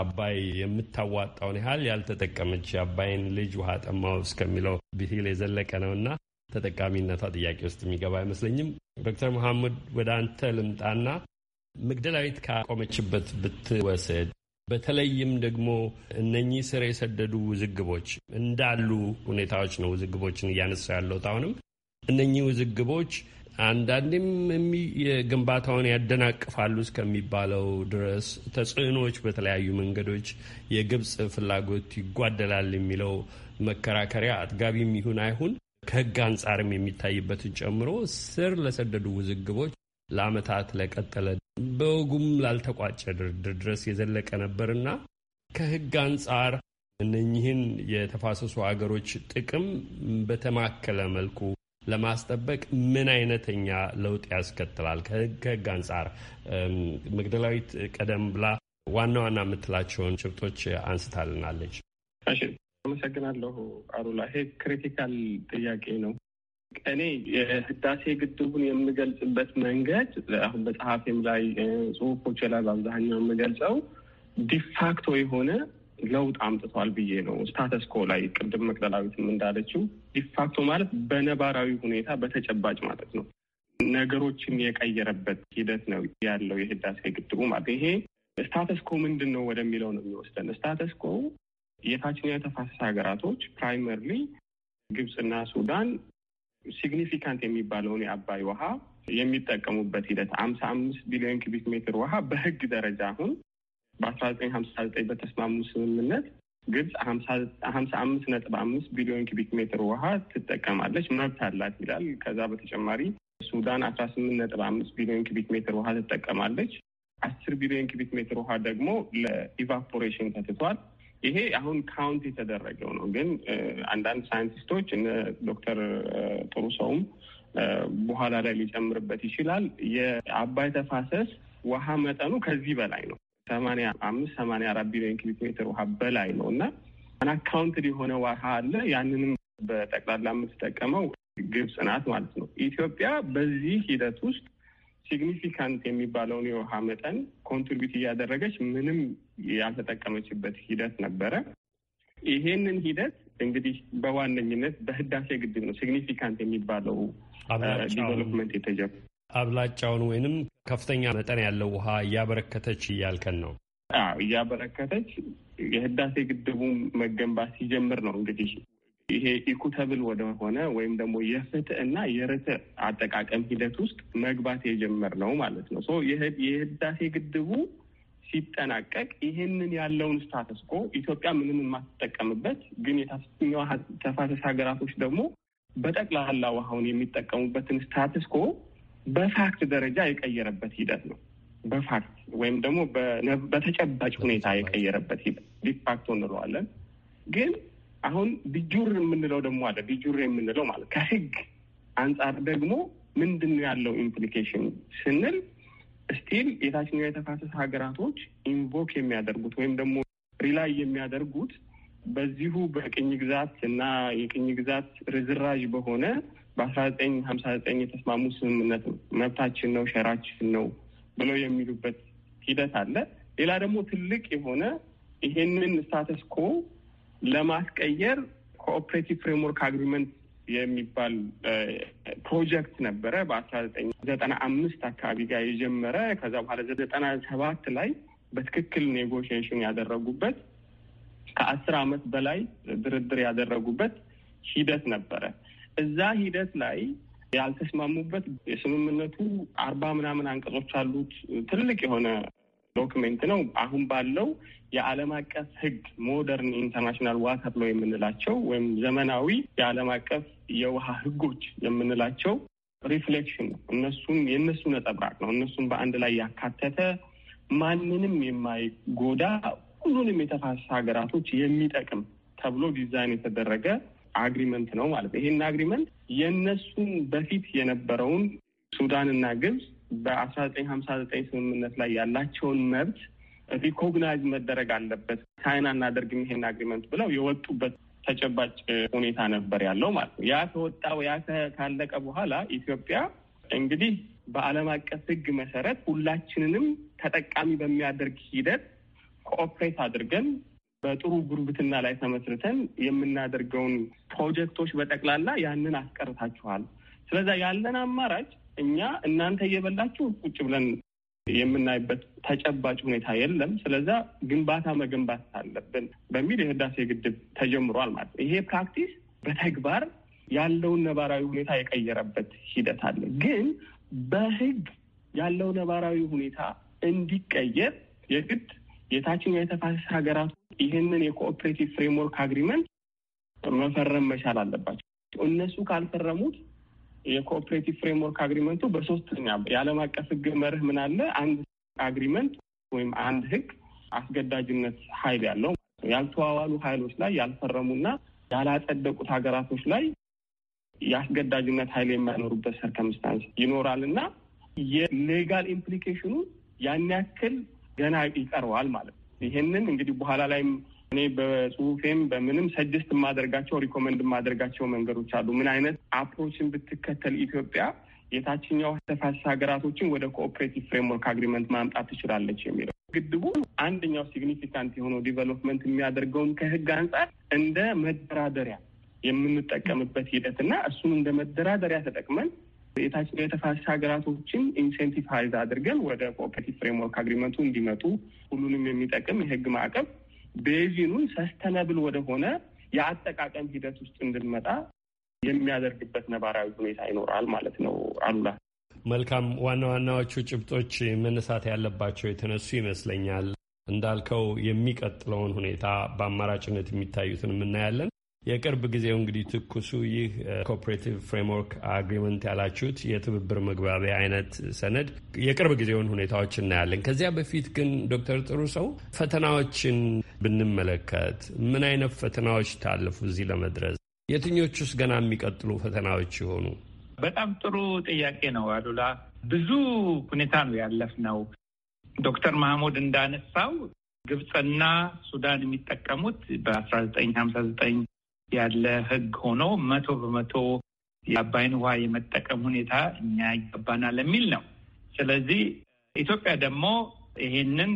አባይ የምታዋጣውን ያህል ያልተጠቀመች አባይን ልጅ ውሃ ጠማው እስከሚለው ብሂል የዘለቀ ነው እና ተጠቃሚነቷ ጥያቄ ውስጥ የሚገባ አይመስለኝም። ዶክተር መሐመድ ወደ አንተ ልምጣና መግደላዊት ካቆመችበት ብትወስድ በተለይም ደግሞ እነኚህ ስር የሰደዱ ውዝግቦች እንዳሉ ሁኔታዎች ነው። ውዝግቦችን እያነሳ ያለሁት አሁንም እነኚህ ውዝግቦች አንዳንዴም የግንባታውን ያደናቅፋሉ እስከሚባለው ድረስ ተጽዕኖዎች በተለያዩ መንገዶች የግብፅ ፍላጎት ይጓደላል የሚለው መከራከሪያ አጥጋቢም ይሁን አይሁን ከህግ አንጻርም የሚታይበትን ጨምሮ ስር ለሰደዱ ውዝግቦች ለአመታት ለቀጠለ በወጉም ላልተቋጨ ድርድር ድረስ የዘለቀ ነበርና ከህግ አንጻር እነኚህን የተፋሰሱ ሀገሮች ጥቅም በተማከለ መልኩ ለማስጠበቅ ምን አይነተኛ ለውጥ ያስከትላል? ከህግ አንጻር መግደላዊት ቀደም ብላ ዋና ዋና የምትላቸውን ጭብጦች አንስታልናለች። አመሰግናለሁ አሩላ። ይሄ ክሪቲካል ጥያቄ ነው። እኔ የህዳሴ ግድቡን የምገልጽበት መንገድ አሁን በጸሐፊም ላይ ጽሁፎች ላይ በአብዛኛው የምገልጸው ዲፋክቶ የሆነ ለውጥ አምጥቷል ብዬ ነው። ስታተስኮ ላይ ቅድም መቅደላዊትም እንዳለችው ዲፋክቶ ማለት በነባራዊ ሁኔታ በተጨባጭ ማለት ነው። ነገሮችን የቀየረበት ሂደት ነው ያለው የህዳሴ ግድቡ ማለት። ይሄ ስታተስኮ ምንድን ነው ወደሚለው ነው የሚወስደን ስታተስኮ የታችኛው ተፋሰስ ሀገራቶች ፕራይመርሊ ግብፅና ሱዳን ሲግኒፊካንት የሚባለውን የአባይ ውሃ የሚጠቀሙበት ሂደት አምሳ አምስት ቢሊዮን ኪቢክ ሜትር ውሃ በህግ ደረጃ አሁን በአስራ ዘጠኝ ሀምሳ ዘጠኝ በተስማሙ ስምምነት ግብፅ ሀምሳ አምስት ነጥብ አምስት ቢሊዮን ኪቢክ ሜትር ውሃ ትጠቀማለች፣ መብት አላት ይላል። ከዛ በተጨማሪ ሱዳን አስራ ስምንት ነጥብ አምስት ቢሊዮን ኪቢክ ሜትር ውሃ ትጠቀማለች። አስር ቢሊዮን ኪቢክ ሜትር ውሃ ደግሞ ለኢቫፖሬሽን ተትቷል። ይሄ አሁን ካውንት የተደረገው ነው። ግን አንዳንድ ሳይንቲስቶች እነ ዶክተር ጥሩ ሰውም በኋላ ላይ ሊጨምርበት ይችላል። የአባይ ተፋሰስ ውሃ መጠኑ ከዚህ በላይ ነው። ሰማንያ አምስት ሰማንያ አራት ቢሊዮን ኪቢክ ሜትር ውሃ በላይ ነው እና አናካውንትድ የሆነ ውሃ አለ። ያንንም በጠቅላላ የምትጠቀመው ግብጽ ናት ማለት ነው። ኢትዮጵያ በዚህ ሂደት ውስጥ ሲግኒፊካንት የሚባለውን የውሃ መጠን ኮንትሪቢዩት እያደረገች ምንም ያልተጠቀመችበት ሂደት ነበረ። ይሄንን ሂደት እንግዲህ በዋነኝነት በህዳሴ ግድብ ነው ሲግኒፊካንት የሚባለው ዲቨሎፕመንት የተጀመ አብላጫውን ወይንም ከፍተኛ መጠን ያለው ውሃ እያበረከተች እያልከን ነው? አዎ እያበረከተች የህዳሴ ግድቡ መገንባት ሲጀምር ነው እንግዲህ ይሄ ኢኩተብል ወደሆነ ወይም ደግሞ የፍትህ እና የርትዕ አጠቃቀም ሂደት ውስጥ መግባት የጀመርነው ማለት ነው። የህዳሴ ግድቡ ሲጠናቀቅ ይህንን ያለውን ስታተስ ኮ ኢትዮጵያ ምንም የማትጠቀምበት ግን የታችኛው ተፋሰስ ሀገራቶች ደግሞ በጠቅላላ ውሃውን የሚጠቀሙበትን ስታተስ ኮ በፋክት ደረጃ የቀየረበት ሂደት ነው። በፋክት ወይም ደግሞ በተጨባጭ ሁኔታ የቀየረበት ሂደት ዲፋክቶ እንለዋለን ግን አሁን ዲጁር የምንለው ደግሞ አለ። ዲጁር የምንለው ማለት ከህግ አንጻር ደግሞ ምንድን ነው ያለው ኢምፕሊኬሽን ስንል ስቲል የታችኛው የተፋሰስ ሀገራቶች ኢንቮክ የሚያደርጉት ወይም ደግሞ ሪላይ የሚያደርጉት በዚሁ በቅኝ ግዛት እና የቅኝ ግዛት ርዝራዥ በሆነ በአስራ ዘጠኝ ሀምሳ ዘጠኝ የተስማሙ ስምምነት መብታችን ነው፣ ሸራችን ነው ብለው የሚሉበት ሂደት አለ። ሌላ ደግሞ ትልቅ የሆነ ይሄንን ስታተስ ኮ ለማስቀየር ኮኦፕሬቲቭ ፍሬምወርክ አግሪመንት የሚባል ፕሮጀክት ነበረ በአስራ ዘጠኝ ዘጠና አምስት አካባቢ ጋር የጀመረ ከዛ በኋላ ዘጠና ሰባት ላይ በትክክል ኔጎሽዬሽን ያደረጉበት ከአስር አመት በላይ ድርድር ያደረጉበት ሂደት ነበረ። እዛ ሂደት ላይ ያልተስማሙበት የስምምነቱ አርባ ምናምን አንቀጾች አሉት። ትልቅ የሆነ ዶክሜንት ነው። አሁን ባለው የዓለም አቀፍ ሕግ ሞደርን ኢንተርናሽናል ዋ ተብሎ የምንላቸው ወይም ዘመናዊ የዓለም አቀፍ የውሃ ሕጎች የምንላቸው ሪፍሌክሽን እነሱን የእነሱ ነጸብራቅ ነው። እነሱን በአንድ ላይ ያካተተ ማንንም የማይጎዳ ሁሉንም የተፋሰስ ሀገራቶች የሚጠቅም ተብሎ ዲዛይን የተደረገ አግሪመንት ነው ማለት ነው። ይሄን አግሪመንት የእነሱን በፊት የነበረውን ሱዳንና ግብጽ በአስራ ዘጠኝ ሀምሳ ዘጠኝ ስምምነት ላይ ያላቸውን መብት ሪኮግናይዝ መደረግ አለበት፣ ቻይና እናደርግም ይሄን አግሪመንት ብለው የወጡበት ተጨባጭ ሁኔታ ነበር ያለው ማለት ነው። ያ ከወጣው ያ ካለቀ በኋላ ኢትዮጵያ እንግዲህ በዓለም አቀፍ ሕግ መሰረት ሁላችንንም ተጠቃሚ በሚያደርግ ሂደት ኮኦፕሬት አድርገን በጥሩ ጉርብትና ላይ ተመስርተን የምናደርገውን ፕሮጀክቶች በጠቅላላ ያንን አስቀርታችኋል። ስለዛ ያለን አማራጭ እኛ እናንተ እየበላችሁ ቁጭ ብለን የምናይበት ተጨባጭ ሁኔታ የለም። ስለዛ ግንባታ መገንባት አለብን በሚል የህዳሴ ግድብ ተጀምሯል ማለት ነው። ይሄ ፕራክቲስ በተግባር ያለውን ነባራዊ ሁኔታ የቀየረበት ሂደት አለ። ግን በህግ ያለው ነባራዊ ሁኔታ እንዲቀየር የግድ የታችኛው የተፋሰስ ሀገራት ይህንን የኮኦፕሬቲቭ ፍሬምወርክ አግሪመንት መፈረም መቻል አለባቸው። እነሱ ካልፈረሙት የኮኦፕሬቲቭ ፍሬምወርክ አግሪመንቱ በሶስተኛ የዓለም አቀፍ ህግ መርህ ምን አለ? አንድ አግሪመንት ወይም አንድ ህግ አስገዳጅነት ኃይል ያለው ያልተዋዋሉ ኃይሎች ላይ ያልፈረሙና ያላጸደቁት ሀገራቶች ላይ የአስገዳጅነት ኃይል የማይኖሩበት ሰርከምስታንስ ይኖራል እና የሌጋል ኢምፕሊኬሽኑ ያን ያክል ገና ይቀረዋል ማለት ነው። ይሄንን እንግዲህ በኋላ ላይም እኔ በጽሁፌም በምንም ሰጀስት የማደርጋቸው ሪኮመንድ የማደርጋቸው መንገዶች አሉ። ምን አይነት አፕሮችን ብትከተል ኢትዮጵያ የታችኛው ተፋሰስ ሀገራቶችን ወደ ኮኦፕሬቲቭ ፍሬምወርክ አግሪመንት ማምጣት ትችላለች የሚለው ግድቡ አንደኛው ሲግኒፊካንት የሆነው ዲቨሎፕመንት የሚያደርገውን ከህግ አንጻር እንደ መደራደሪያ የምንጠቀምበት ሂደት እና እሱን እንደ መደራደሪያ ተጠቅመን የታችኛው የተፋሰስ ሀገራቶችን ኢንሴንቲቫይዝ አድርገን ወደ ኮኦፕሬቲቭ ፍሬምወርክ አግሪመንቱ እንዲመጡ ሁሉንም የሚጠቅም የህግ ማዕቀብ ቤዚኑን ሰስተነብል ወደሆነ የአጠቃቀም ሂደት ውስጥ እንድንመጣ የሚያደርግበት ነባራዊ ሁኔታ ይኖራል ማለት ነው። አሉላ መልካም። ዋና ዋናዎቹ ጭብጦች መነሳት ያለባቸው የተነሱ ይመስለኛል። እንዳልከው የሚቀጥለውን ሁኔታ በአማራጭነት የሚታዩትን እናያለን። የቅርብ ጊዜው እንግዲህ ትኩሱ ይህ ኮኦፕሬቲቭ ፍሬምወርክ አግሪመንት ያላችሁት የትብብር መግባቢያ አይነት ሰነድ የቅርብ ጊዜውን ሁኔታዎች እናያለን። ከዚያ በፊት ግን ዶክተር ጥሩ ሰው ፈተናዎችን ብንመለከት ምን አይነት ፈተናዎች ታለፉ እዚህ ለመድረስ? የትኞቹ ውስጥ ገና የሚቀጥሉ ፈተናዎች ይሆኑ? በጣም ጥሩ ጥያቄ ነው አሉላ። ብዙ ሁኔታ ነው ያለፍነው። ዶክተር ማህሙድ እንዳነሳው ግብፅና ሱዳን የሚጠቀሙት በ1959 ያለ ህግ ሆኖ መቶ በመቶ የአባይን ውሃ የመጠቀም ሁኔታ እኛ ይገባናል የሚል ነው። ስለዚህ ኢትዮጵያ ደግሞ ይሄንን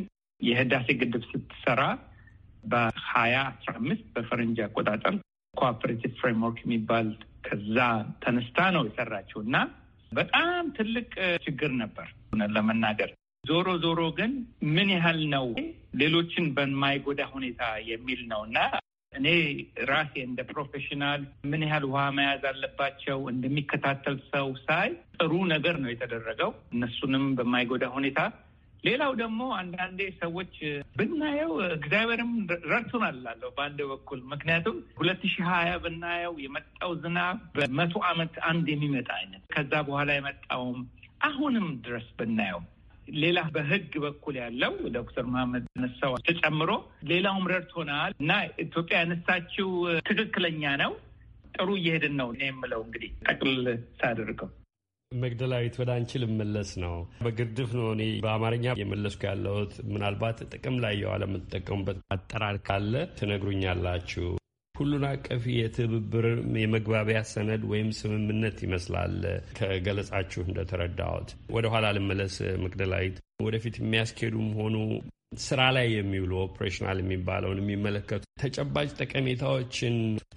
የህዳሴ ግድብ ስትሰራ በሀያ አስራ አምስት በፈረንጅ አቆጣጠር ኮኦፐሬቲቭ ፍሬምወርክ የሚባል ከዛ ተነስታ ነው የሰራችው እና በጣም ትልቅ ችግር ነበር ለመናገር። ዞሮ ዞሮ ግን ምን ያህል ነው ሌሎችን በማይጎዳ ሁኔታ የሚል ነው እና እኔ ራሴ እንደ ፕሮፌሽናል ምን ያህል ውሃ መያዝ አለባቸው እንደሚከታተል ሰው ሳይ ጥሩ ነገር ነው የተደረገው፣ እነሱንም በማይጎዳ ሁኔታ። ሌላው ደግሞ አንዳንዴ ሰዎች ብናየው እግዚአብሔርም ረድቶናል እላለሁ በአንድ በኩል ምክንያቱም ሁለት ሺህ ሀያ ብናየው የመጣው ዝናብ በመቶ ዓመት አንድ የሚመጣ አይነት ከዛ በኋላ የመጣውም አሁንም ድረስ ብናየው ሌላ በህግ በኩል ያለው ዶክተር መሐመድ ነሳው ተጨምሮ ሌላውም ረድቶናል እና ኢትዮጵያ ያነሳችው ትክክለኛ ነው። ጥሩ እየሄድን ነው የምለው እንግዲህ ጠቅል ሳደርገው መግደላዊት ወደ አንቺ ልመለስ ነው። በግርድፍ ነው እኔ በአማርኛ የመለስኩ ያለሁት። ምናልባት ጥቅም ላይ የዋለ የምትጠቀሙበት አጠራር ካለ ትነግሩኛላችሁ። ሁሉን አቀፍ የትብብር የመግባቢያ ሰነድ ወይም ስምምነት ይመስላል። ከገለጻችሁ እንደተረዳሁት ወደኋላ ልመለስ። መቅደላዊት ወደፊት የሚያስኬዱ ሆኑ ስራ ላይ የሚውሉ ኦፕሬሽናል የሚባለውን የሚመለከቱ ተጨባጭ ጠቀሜታዎችን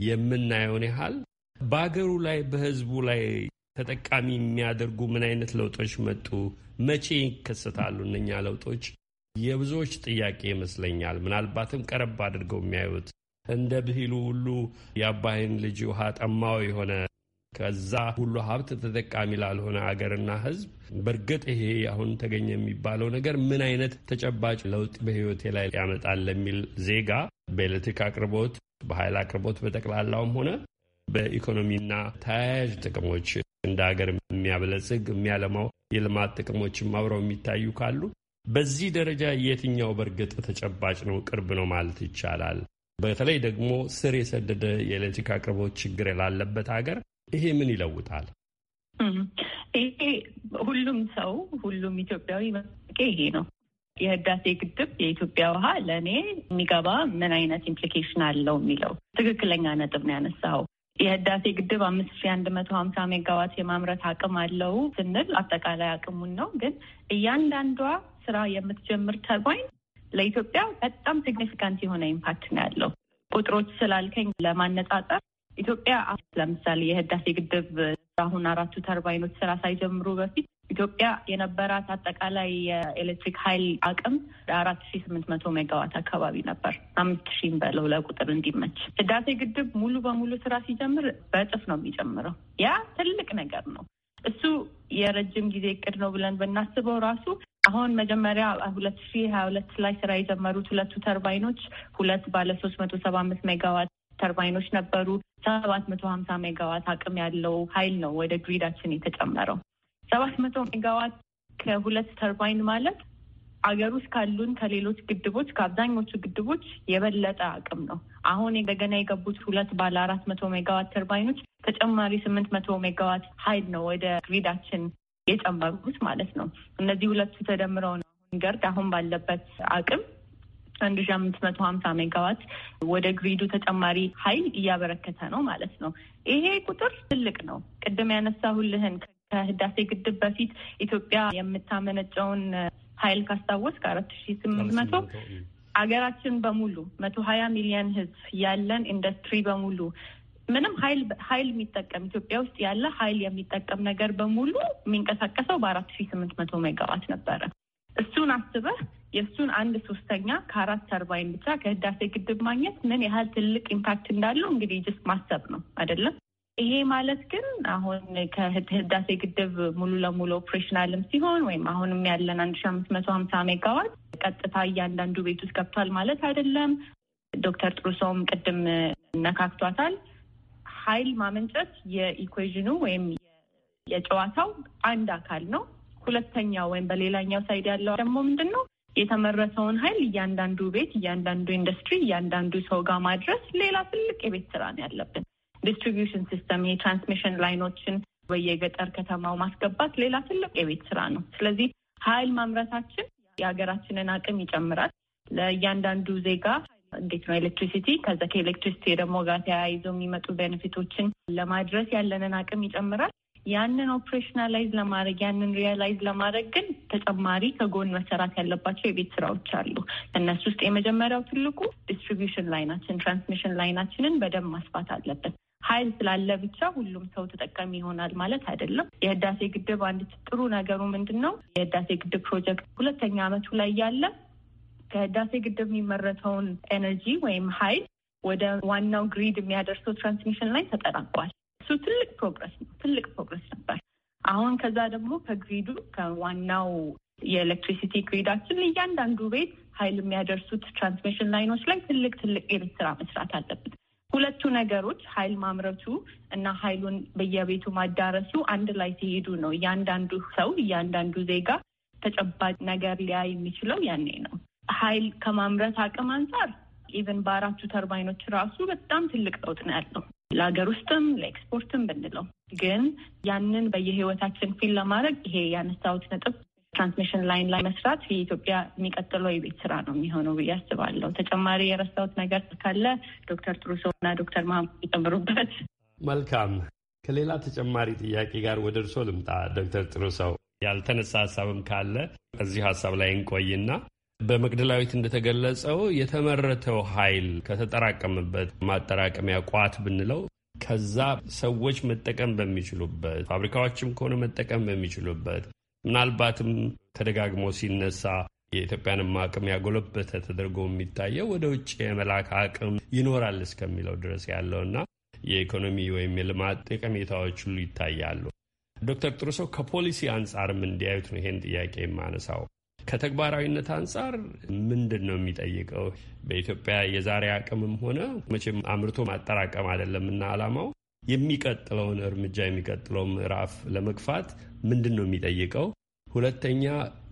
የምናየውን ያህል በሀገሩ ላይ በህዝቡ ላይ ተጠቃሚ የሚያደርጉ ምን አይነት ለውጦች መጡ? መቼ ይከሰታሉ እነኛ ለውጦች? የብዙዎች ጥያቄ ይመስለኛል። ምናልባትም ቀረብ አድርገው የሚያዩት እንደ ብሂሉ ሁሉ የአባይን ልጅ ውሃ ጠማው የሆነ ከዛ ሁሉ ሀብት ተጠቃሚ ላልሆነ አገርና ሕዝብ በእርግጥ ይሄ አሁን ተገኘ የሚባለው ነገር ምን አይነት ተጨባጭ ለውጥ በሕይወቴ ላይ ያመጣል ለሚል ዜጋ በኤሌክትሪክ አቅርቦት፣ በኃይል አቅርቦት በጠቅላላውም ሆነ በኢኮኖሚና ተያያዥ ጥቅሞች እንደ ሀገር የሚያበለጽግ የሚያለማው የልማት ጥቅሞችም አብረው የሚታዩ ካሉ በዚህ ደረጃ የትኛው በእርግጥ ተጨባጭ ነው ቅርብ ነው ማለት ይቻላል? በተለይ ደግሞ ስር የሰደደ የኤሌክትሪክ አቅርቦት ችግር ላለበት ሀገር ይሄ ምን ይለውጣል? ይሄ ሁሉም ሰው ሁሉም ኢትዮጵያዊ መጠቄ ይሄ ነው። የህዳሴ ግድብ የኢትዮጵያ ውሃ ለእኔ የሚገባ ምን አይነት ኢምፕሊኬሽን አለው የሚለው ትክክለኛ ነጥብ ነው ያነሳው። የህዳሴ ግድብ አምስት ሺ አንድ መቶ ሀምሳ ሜጋዋት የማምረት አቅም አለው ስንል አጠቃላይ አቅሙን ነው። ግን እያንዳንዷ ስራ የምትጀምር ተርባይን ለኢትዮጵያ በጣም ሲግኒፊካንት የሆነ ኢምፓክት ነው ያለው። ቁጥሮች ስላልከኝ ለማነጻጸር ኢትዮጵያ ለምሳሌ የህዳሴ ግድብ አሁን አራቱ ተርባይኖች ስራ ሳይጀምሩ በፊት ኢትዮጵያ የነበራት አጠቃላይ የኤሌክትሪክ ኃይል አቅም አራት ሺ ስምንት መቶ ሜጋዋት አካባቢ ነበር። አምስት ሺህም በለው ለቁጥር እንዲመች ህዳሴ ግድብ ሙሉ በሙሉ ስራ ሲጀምር በእጥፍ ነው የሚጨምረው። ያ ትልቅ ነገር ነው። እሱ የረጅም ጊዜ እቅድ ነው ብለን ብናስበው ራሱ አሁን መጀመሪያ ሁለት ሺ ሀያ ሁለት ላይ ስራ የጀመሩት ሁለቱ ተርባይኖች ሁለት ባለ ሶስት መቶ ሰባ አምስት ሜጋዋት ተርባይኖች ነበሩ። ሰባት መቶ ሀምሳ ሜጋዋት አቅም ያለው ሀይል ነው ወደ ግሪዳችን የተጨመረው። ሰባት መቶ ሜጋዋት ከሁለት ተርባይን ማለት አገር ውስጥ ካሉን ከሌሎች ግድቦች ከአብዛኞቹ ግድቦች የበለጠ አቅም ነው። አሁን እንደገና የገቡት ሁለት ባለ አራት መቶ ሜጋዋት ተርባይኖች ተጨማሪ ስምንት መቶ ሜጋዋት ሀይል ነው ወደ ግሪዳችን የጨመሩት ማለት ነው። እነዚህ ሁለቱ ተደምረው ነው ገርድ አሁን ባለበት አቅም አንድ ሺ አምስት መቶ ሀምሳ ሜጋዋት ወደ ግሪዱ ተጨማሪ ኃይል እያበረከተ ነው ማለት ነው። ይሄ ቁጥር ትልቅ ነው። ቅድም ያነሳሁልህን ከህዳሴ ግድብ በፊት ኢትዮጵያ የምታመነጨውን ኃይል ካስታወስ ከአራት ሺ ስምንት መቶ ሀገራችን በሙሉ መቶ ሀያ ሚሊዮን ህዝብ ያለን ኢንዱስትሪ በሙሉ ምንም ሀይል ሀይል የሚጠቀም ኢትዮጵያ ውስጥ ያለ ሀይል የሚጠቀም ነገር በሙሉ የሚንቀሳቀሰው በአራት ሺ ስምንት መቶ ሜጋዋት ነበረ። እሱን አስበህ የእሱን አንድ ሶስተኛ ከአራት ተርባይን ብቻ ከህዳሴ ግድብ ማግኘት ምን ያህል ትልቅ ኢምፓክት እንዳለው እንግዲህ ጅስ ማሰብ ነው አይደለም። ይሄ ማለት ግን አሁን ከህዳሴ ግድብ ሙሉ ለሙሉ ኦፕሬሽናልም ሲሆን ወይም አሁንም ያለን አንድ ሺ አምስት መቶ ሀምሳ ሜጋዋት ቀጥታ እያንዳንዱ ቤት ውስጥ ገብቷል ማለት አይደለም። ዶክተር ጥሩሰውም ቅድም ነካክቷታል። ኃይል ማመንጨት የኢኩዌዥኑ ወይም የጨዋታው አንድ አካል ነው። ሁለተኛ ወይም በሌላኛው ሳይድ ያለው ደግሞ ምንድን ነው? የተመረተውን ኃይል እያንዳንዱ ቤት፣ እያንዳንዱ ኢንዱስትሪ፣ እያንዳንዱ ሰው ጋር ማድረስ ሌላ ትልቅ የቤት ስራ ነው ያለብን። ዲስትሪቢሽን ሲስተም፣ የትራንስሚሽን ላይኖችን በየገጠር ከተማው ማስገባት ሌላ ትልቅ የቤት ስራ ነው። ስለዚህ ኃይል ማምረታችን የሀገራችንን አቅም ይጨምራል። ለእያንዳንዱ ዜጋ እንዴት ነው ኤሌክትሪሲቲ፣ ከዛ ከኤሌክትሪሲቲ ደግሞ ጋር ተያይዘው የሚመጡ ቤኔፊቶችን ለማድረስ ያለንን አቅም ይጨምራል። ያንን ኦፕሬሽናላይዝ ለማድረግ ያንን ሪያላይዝ ለማድረግ ግን ተጨማሪ ከጎን መሰራት ያለባቸው የቤት ስራዎች አሉ። እነሱ ውስጥ የመጀመሪያው ትልቁ ዲስትሪቢሽን ላይናችን ትራንስሚሽን ላይናችንን በደንብ ማስፋት አለበት። ኃይል ስላለ ብቻ ሁሉም ሰው ተጠቃሚ ይሆናል ማለት አይደለም። የህዳሴ ግድብ አንድ ጥሩ ነገሩ ምንድን ነው? የህዳሴ ግድብ ፕሮጀክት ሁለተኛ ዓመቱ ላይ ያለ ከህዳሴ ግድብ የሚመረተውን ኤነርጂ ወይም ኃይል ወደ ዋናው ግሪድ የሚያደርሰው ትራንስሚሽን ላይ ተጠናቋል። እሱ ትልቅ ፕሮግረስ ነው፣ ትልቅ ፕሮግረስ ነበር። አሁን ከዛ ደግሞ ከግሪዱ ከዋናው የኤሌክትሪሲቲ ግሪዳችን እያንዳንዱ ቤት ኃይል የሚያደርሱት ትራንስሚሽን ላይኖች ላይ ትልቅ ትልቅ የቤት ስራ መስራት አለበት። ሁለቱ ነገሮች ኃይል ማምረቱ እና ኃይሉን በየቤቱ ማዳረሱ አንድ ላይ ሲሄዱ ነው እያንዳንዱ ሰው እያንዳንዱ ዜጋ ተጨባጭ ነገር ሊያይ የሚችለው ያኔ ነው። ኃይል ከማምረት አቅም አንጻር ኢቨን በአራቱ ተርባይኖች ራሱ በጣም ትልቅ ለውጥ ነው ያለው ለሀገር ውስጥም ለኤክስፖርትም ብንለው ግን ያንን በየህይወታችን ፊል ለማድረግ ይሄ ያነሳሁት ነጥብ ትራንስሚሽን ላይን ላይ መስራት የኢትዮጵያ የሚቀጥለው የቤት ስራ ነው የሚሆነው ብዬ አስባለሁ። ተጨማሪ የረሳሁት ነገር ካለ ዶክተር ጥሩሶ እና ዶክተር ማ ይጨምሩበት። መልካም። ከሌላ ተጨማሪ ጥያቄ ጋር ወደ እርሶ ልምጣ ዶክተር ጥሩሰው። ያልተነሳ ሀሳብም ካለ እዚሁ ሀሳብ ላይ እንቆይና በመግደላዊት እንደተገለጸው የተመረተው ኃይል ከተጠራቀመበት ማጠራቀሚያ ቋት ብንለው ከዛ ሰዎች መጠቀም በሚችሉበት ፋብሪካዎችም ከሆነ መጠቀም በሚችሉበት ምናልባትም ተደጋግሞ ሲነሳ የኢትዮጵያንም አቅም ያጎለበተ ተደርጎ የሚታየው ወደ ውጭ የመላክ አቅም ይኖራል እስከሚለው ድረስ ያለውና የኢኮኖሚ ወይም የልማት ጠቀሜታዎች ሁሉ ይታያሉ። ዶክተር ጥሩሰው ከፖሊሲ አንጻርም እንዲያዩት ነው ይሄን ጥያቄ የማነሳው። ከተግባራዊነት አንጻር ምንድን ነው የሚጠይቀው? በኢትዮጵያ የዛሬ አቅምም ሆነ መቼም አምርቶ ማጠራቀም አይደለምና አላማው የሚቀጥለውን እርምጃ የሚቀጥለው ምዕራፍ ለመግፋት ምንድን ነው የሚጠይቀው? ሁለተኛ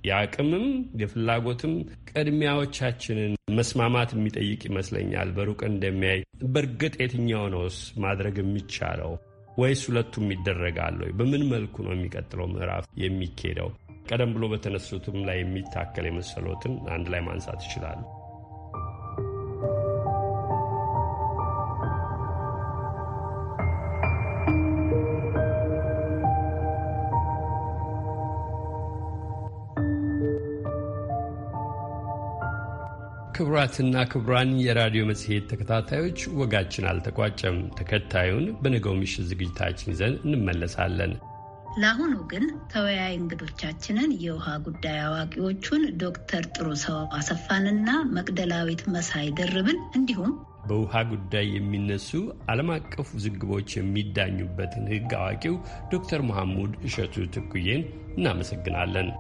የአቅምም የፍላጎትም ቅድሚያዎቻችንን መስማማት የሚጠይቅ ይመስለኛል። በሩቅ እንደሚያይ በእርግጥ የትኛው ነውስ ማድረግ የሚቻለው ወይስ ሁለቱም ይደረጋል ወይ? በምን መልኩ ነው የሚቀጥለው ምዕራፍ የሚኬደው? ቀደም ብሎ በተነሱትም ላይ የሚታከል የመሰሎትን አንድ ላይ ማንሳት ይችላል ክቡራትና ክቡራን የራዲዮ መጽሔት ተከታታዮች ወጋችን አልተቋጨም። ተከታዩን በነገው ምሽት ዝግጅታችን ይዘን እንመለሳለን። ለአሁኑ ግን ተወያይ እንግዶቻችንን የውሃ ጉዳይ አዋቂዎቹን ዶክተር ጥሩ ሰው አሰፋንና መቅደላዊት መሳይ ደርብን እንዲሁም በውሃ ጉዳይ የሚነሱ ዓለም አቀፍ ውዝግቦች የሚዳኙበትን ሕግ አዋቂው ዶክተር መሐሙድ እሸቱ ትኩዬን እናመሰግናለን።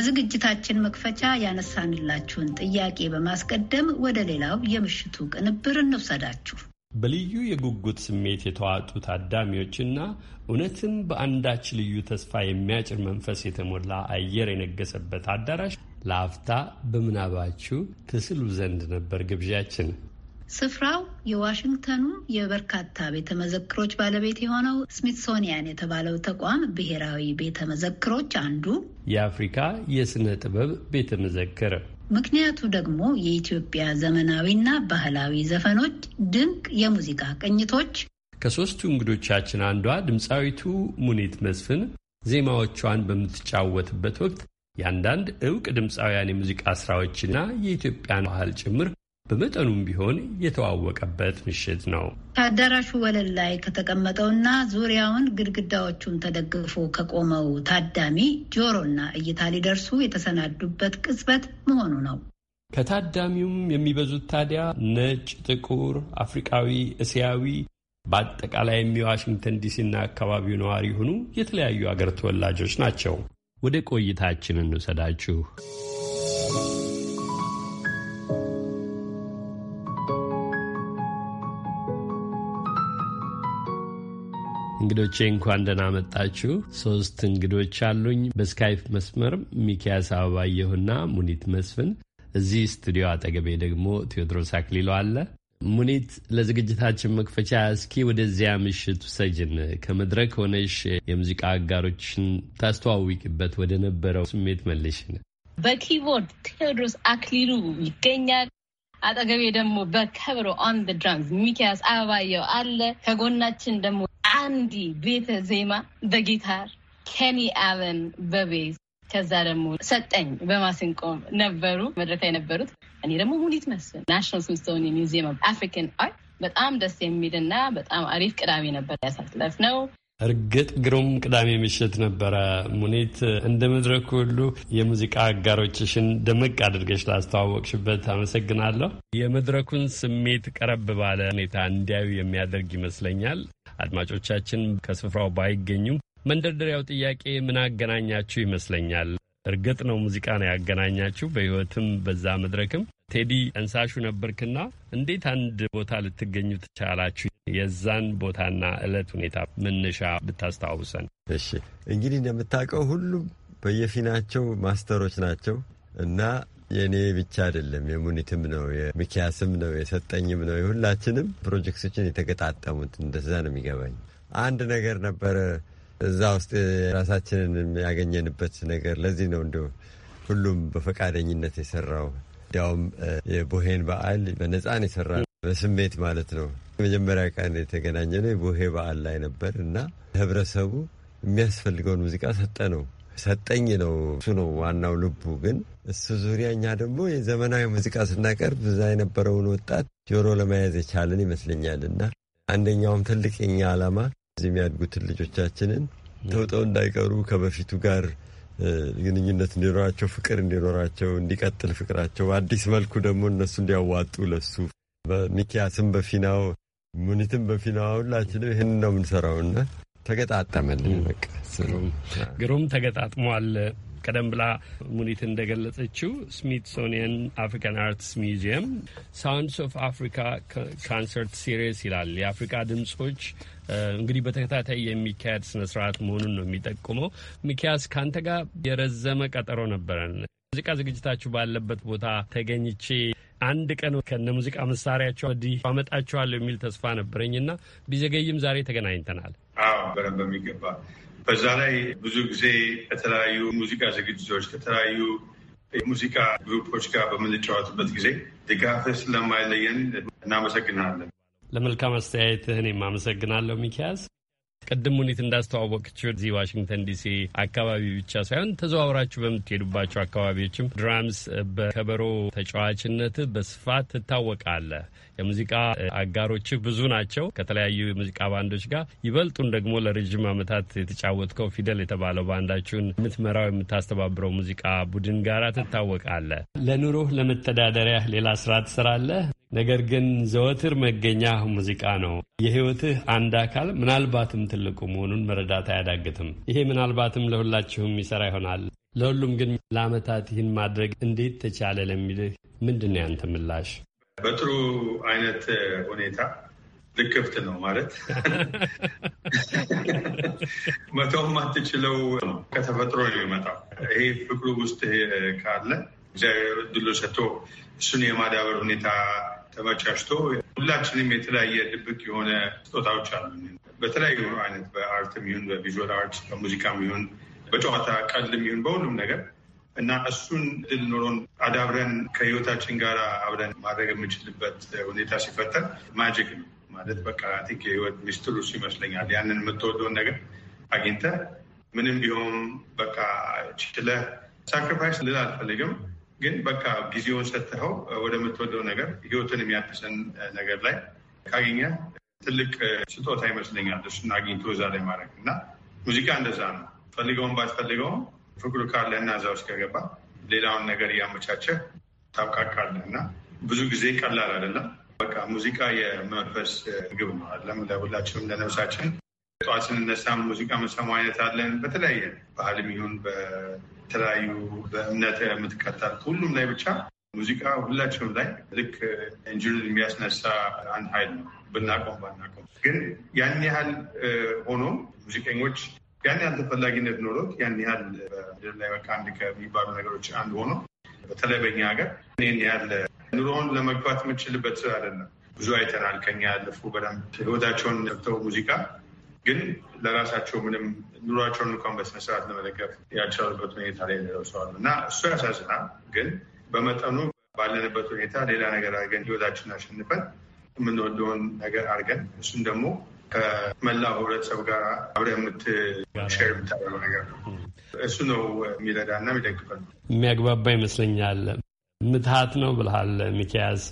በዝግጅታችን መክፈቻ ያነሳንላችሁን ጥያቄ በማስቀደም ወደ ሌላው የምሽቱ ቅንብር እንውሰዳችሁ። በልዩ የጉጉት ስሜት የተዋጡ ታዳሚዎችና እውነትም በአንዳች ልዩ ተስፋ የሚያጭር መንፈስ የተሞላ አየር የነገሰበት አዳራሽ ለአፍታ በምናባችሁ ትስሉ ዘንድ ነበር ግብዣችን። ስፍራው የዋሽንግተኑ የበርካታ ቤተ መዘክሮች ባለቤት የሆነው ስሚትሶኒያን የተባለው ተቋም ብሔራዊ ቤተ መዘክሮች አንዱ የአፍሪካ የስነ ጥበብ ቤተ መዘክር። ምክንያቱ ደግሞ የኢትዮጵያ ዘመናዊና ባህላዊ ዘፈኖች፣ ድንቅ የሙዚቃ ቅኝቶች ከሶስቱ እንግዶቻችን አንዷ ድምፃዊቱ ሙኒት መስፍን ዜማዎቿን በምትጫወትበት ወቅት የአንዳንድ እውቅ ድምፃውያን የሙዚቃ ስራዎችና የኢትዮጵያን ባህል ጭምር በመጠኑም ቢሆን የተዋወቀበት ምሽት ነው። ከአዳራሹ ወለል ላይ ከተቀመጠውና ዙሪያውን ግድግዳዎቹን ተደግፎ ከቆመው ታዳሚ ጆሮና እይታ ሊደርሱ የተሰናዱበት ቅጽበት መሆኑ ነው። ከታዳሚውም የሚበዙት ታዲያ ነጭ፣ ጥቁር፣ አፍሪካዊ፣ እስያዊ በአጠቃላይም የዋሽንግተን ዲሲና አካባቢው ነዋሪ የሆኑ የተለያዩ አገር ተወላጆች ናቸው። ወደ ቆይታችን እንውሰዳችሁ። እንግዶቼ እንኳን ደህና መጣችሁ። ሶስት እንግዶች አሉኝ። በስካይፕ መስመር ሚኪያስ አበባየሁና ሙኒት መስፍን፣ እዚህ ስቱዲዮ አጠገቤ ደግሞ ቴዎድሮስ አክሊሎ አለ። ሙኒት፣ ለዝግጅታችን መክፈቻ እስኪ ወደዚያ ምሽት ውሰጅን። ከመድረክ ሆነሽ የሙዚቃ አጋሮችን ታስተዋውቂበት ወደ ነበረው ስሜት መልሽን። በኪቦርድ ቴዎድሮስ አክሊሉ ይገኛል። አጠገቤ ደግሞ በከብሮ ኦን ደ ድራምስ ሚኪያስ አበባየው አለ። ከጎናችን ደግሞ አንዲ ቤተ ዜማ በጊታር ኬኒ አለን በቤዝ ከዛ ደግሞ ሰጠኝ በማሲንቆ ነበሩ መድረክ ላይ ነበሩት። እኔ ደግሞ ሙኒት መስል ናሽናል ስሚዝቶኒ ሚውዚየም አፍሪካን አርት በጣም ደስ የሚል እና በጣም አሪፍ ቅዳሜ ነበር ያሳለፍነው። እርግጥ ግሩም ቅዳሜ ምሽት ነበረ። ሙኒት እንደ መድረኩ ሁሉ የሙዚቃ አጋሮችሽን ደመቅ አድርገሽ ላስተዋወቅሽበት አመሰግናለሁ። የመድረኩን ስሜት ቀረብ ባለ ሁኔታ እንዲያዩ የሚያደርግ ይመስለኛል። አድማጮቻችን ከስፍራው ባይገኙም መንደርደሪያው ጥያቄ ምን አገናኛችሁ ይመስለኛል እርግጥ ነው ሙዚቃ ነው ያገናኛችሁ፣ በህይወትም በዛ መድረክም ቴዲ እንሳሹ ነበርክና እንዴት አንድ ቦታ ልትገኙ ትቻላችሁ? የዛን ቦታና እለት ሁኔታ መነሻ ብታስታውሰን። እሺ እንግዲህ እንደምታውቀው ሁሉም በየፊናቸው ማስተሮች ናቸው እና የእኔ ብቻ አይደለም፣ የሙኒትም ነው የሚኪያስም ነው የሰጠኝም ነው የሁላችንም ፕሮጀክቶችን የተገጣጠሙት እንደዛ ነው የሚገባኝ። አንድ ነገር ነበረ እዛ ውስጥ ራሳችንን ያገኘንበት ነገር። ለዚህ ነው እንዲሁ ሁሉም በፈቃደኝነት የሰራው እንዲያውም የቡሄን በዓል በነፃን የሰራ በስሜት ማለት ነው። መጀመሪያ ቀን የተገናኘ ነው የቡሄ በዓል ላይ ነበር እና ህብረተሰቡ የሚያስፈልገውን ሙዚቃ ሰጠ ነው ሰጠኝ ነው እሱ ነው ዋናው ልቡ። ግን እሱ ዙሪያ እኛ ደግሞ የዘመናዊ ሙዚቃ ስናቀርብ እዛ የነበረውን ወጣት ጆሮ ለመያዝ የቻልን ይመስለኛል እና አንደኛውም ትልቅ የኛ ዓላማ ውስጥ የሚያድጉትን ልጆቻችንን ተውጠው እንዳይቀሩ ከበፊቱ ጋር ግንኙነት እንዲኖራቸው፣ ፍቅር እንዲኖራቸው፣ እንዲቀጥል ፍቅራቸው በአዲስ መልኩ ደግሞ እነሱ እንዲያዋጡ ለሱ በሚኪያስም በፊናው ሙኒትም በፊናዋ ሁላችንም ይህን ነው የምንሰራውና ተገጣጠመልን። በቃ ግሩም ተገጣጥሟል። ቀደም ብላ ሙኒት እንደገለጸችው ስሚትሶኒያን አፍሪካን አርትስ ሚውዚየም ሳውንድስ ኦፍ አፍሪካ ካንሰርት ሲሪስ ይላል። የአፍሪካ ድምጾች እንግዲህ በተከታታይ የሚካሄድ ስነ ስርዓት መሆኑን ነው የሚጠቁመው። ሚኪያስ ከአንተ ጋር የረዘመ ቀጠሮ ነበረን። ሙዚቃ ዝግጅታችሁ ባለበት ቦታ ተገኝቼ አንድ ቀን ከነ ሙዚቃ መሳሪያቸው ወዲህ አመጣችኋለሁ የሚል ተስፋ ነበረኝ እና ቢዘገይም ዛሬ ተገናኝተናል። በደንብ በሚገባ በዛ ላይ ብዙ ጊዜ ከተለያዩ ሙዚቃ ዝግጅቶች ከተለያዩ የሙዚቃ ግሩፖች ጋር በምንጫወትበት ጊዜ ድጋፍ ስለማይለየን እናመሰግናለን። ለመልካም አስተያየትህን የማመሰግናለሁ ሚኪያስ። ቅድም ሙኒት እንዳስተዋወቅችው እዚህ ዋሽንግተን ዲሲ አካባቢ ብቻ ሳይሆን ተዘዋውራችሁ በምትሄዱባቸው አካባቢዎችም ድራምስ በከበሮ ተጫዋችነት በስፋት ትታወቃለህ። የሙዚቃ አጋሮችህ ብዙ ናቸው ከተለያዩ የሙዚቃ ባንዶች ጋር ይበልጡን ደግሞ ለረዥም ዓመታት የተጫወትከው ፊደል የተባለው ባንዳችሁን የምትመራው የምታስተባብረው ሙዚቃ ቡድን ጋር ትታወቃለህ። ለኑሮህ ለመተዳደሪያ ሌላ ስራ ትሰራለህ። ነገር ግን ዘወትር መገኛ ሙዚቃ ነው፣ የህይወትህ አንድ አካል ምናልባትም ትልቁ መሆኑን መረዳት አያዳግትም። ይሄ ምናልባትም ለሁላችሁም ይሰራ ይሆናል። ለሁሉም ግን ለአመታት ይህን ማድረግ እንዴት ተቻለ ለሚልህ ምንድን ነው ያንተ ምላሽ? በጥሩ አይነት ሁኔታ ልክፍት ነው ማለት መተውም አትችለው። ከተፈጥሮ ነው የሚመጣው። ይሄ ፍቅሩ ውስጥ ካለ እግዚአብሔር ድሎ ሰጥቶ እሱን የማዳበር ሁኔታ ተመቻችቶ ሁላችንም የተለያየ ድብቅ የሆነ ስጦታዎች አሉ። በተለያዩ አይነት በአርትም ይሁን በቪዥዋል አርት በሙዚቃም ይሁን በጨዋታ ቀልም ይሁን በሁሉም ነገር እና እሱን ድል ኖሮን አዳብረን ከህይወታችን ጋር አብረን ማድረግ የምንችልበት ሁኔታ ሲፈጠር ማጅግ ነው ማለት በቃ ቲንክ የህይወት ሚስትሩ እሱ ይመስለኛል። ያንን የምትወደውን ነገር አግኝተ ምንም ቢሆን በቃ ችለ ሳክሪፋይስ ልል አልፈልግም፣ ግን በቃ ጊዜውን ወደ ምትወደው ነገር ህይወትን የሚያድሰን ነገር ላይ ካገኘ ትልቅ ስጦታ ይመስለኛል። እሱን አግኝቶ እዛ ላይ ማድረግ እና ሙዚቃ እንደዛ ነው። ፈልገውም ባትፈልገውም ፍቅሩ ካለ እና እዛ ውስጥ ከገባ ሌላውን ነገር እያመቻቸ ታብቃቃለ እና ብዙ ጊዜ ቀላል አይደለም። በቃ ሙዚቃ የመንፈስ ምግብ ነው አለም ለሁላችንም ለነብሳችን ጠዋት ስንነሳም ሙዚቃ መሰማው አይነት አለን። በተለያየ ባህልም ይሁን በተለያዩ በእምነት የምትከተል ሁሉም ላይ ብቻ ሙዚቃ ሁላችንም ላይ ልክ ኢንጂኑን የሚያስነሳ አንድ ኃይል ነው። ብናቆም ባናቆም ግን ያን ያህል ሆኖ ሙዚቀኞች ያን ያህል ተፈላጊነት ኖሮት ያን ያህል ምድር ላይ በቃ አንድ ከሚባሉ ነገሮች አንዱ ሆኖ በተለይ በኛ ሀገር ይህን ያህል ኑሮውን ለመግፋት የምችልበት ስራ አይደለም። ብዙ አይተናል። ከኛ ያለፉ በደንብ ህይወታቸውን ነብተው ሙዚቃ ግን ለራሳቸው ምንም ኑሯቸውን እንኳን በስነስርዓት ለመደገፍ ያልቻሉበት ሁኔታ ላይ ደርሰዋል እና እሱ ያሳዝናል። ግን በመጠኑ ባለንበት ሁኔታ ሌላ ነገር አድርገን ህይወታችንን አሸንፈን የምንወደውን ነገር አድርገን እሱም ደግሞ ከመላው ህብረተሰብ ጋር አብረ የምትሸር የምታደርገው ነገር ነው። እሱ ነው የሚረዳና የሚደግፈን የሚያግባባ ይመስለኛል። ምትሀት ነው ብልሃል ሚኪያዝ።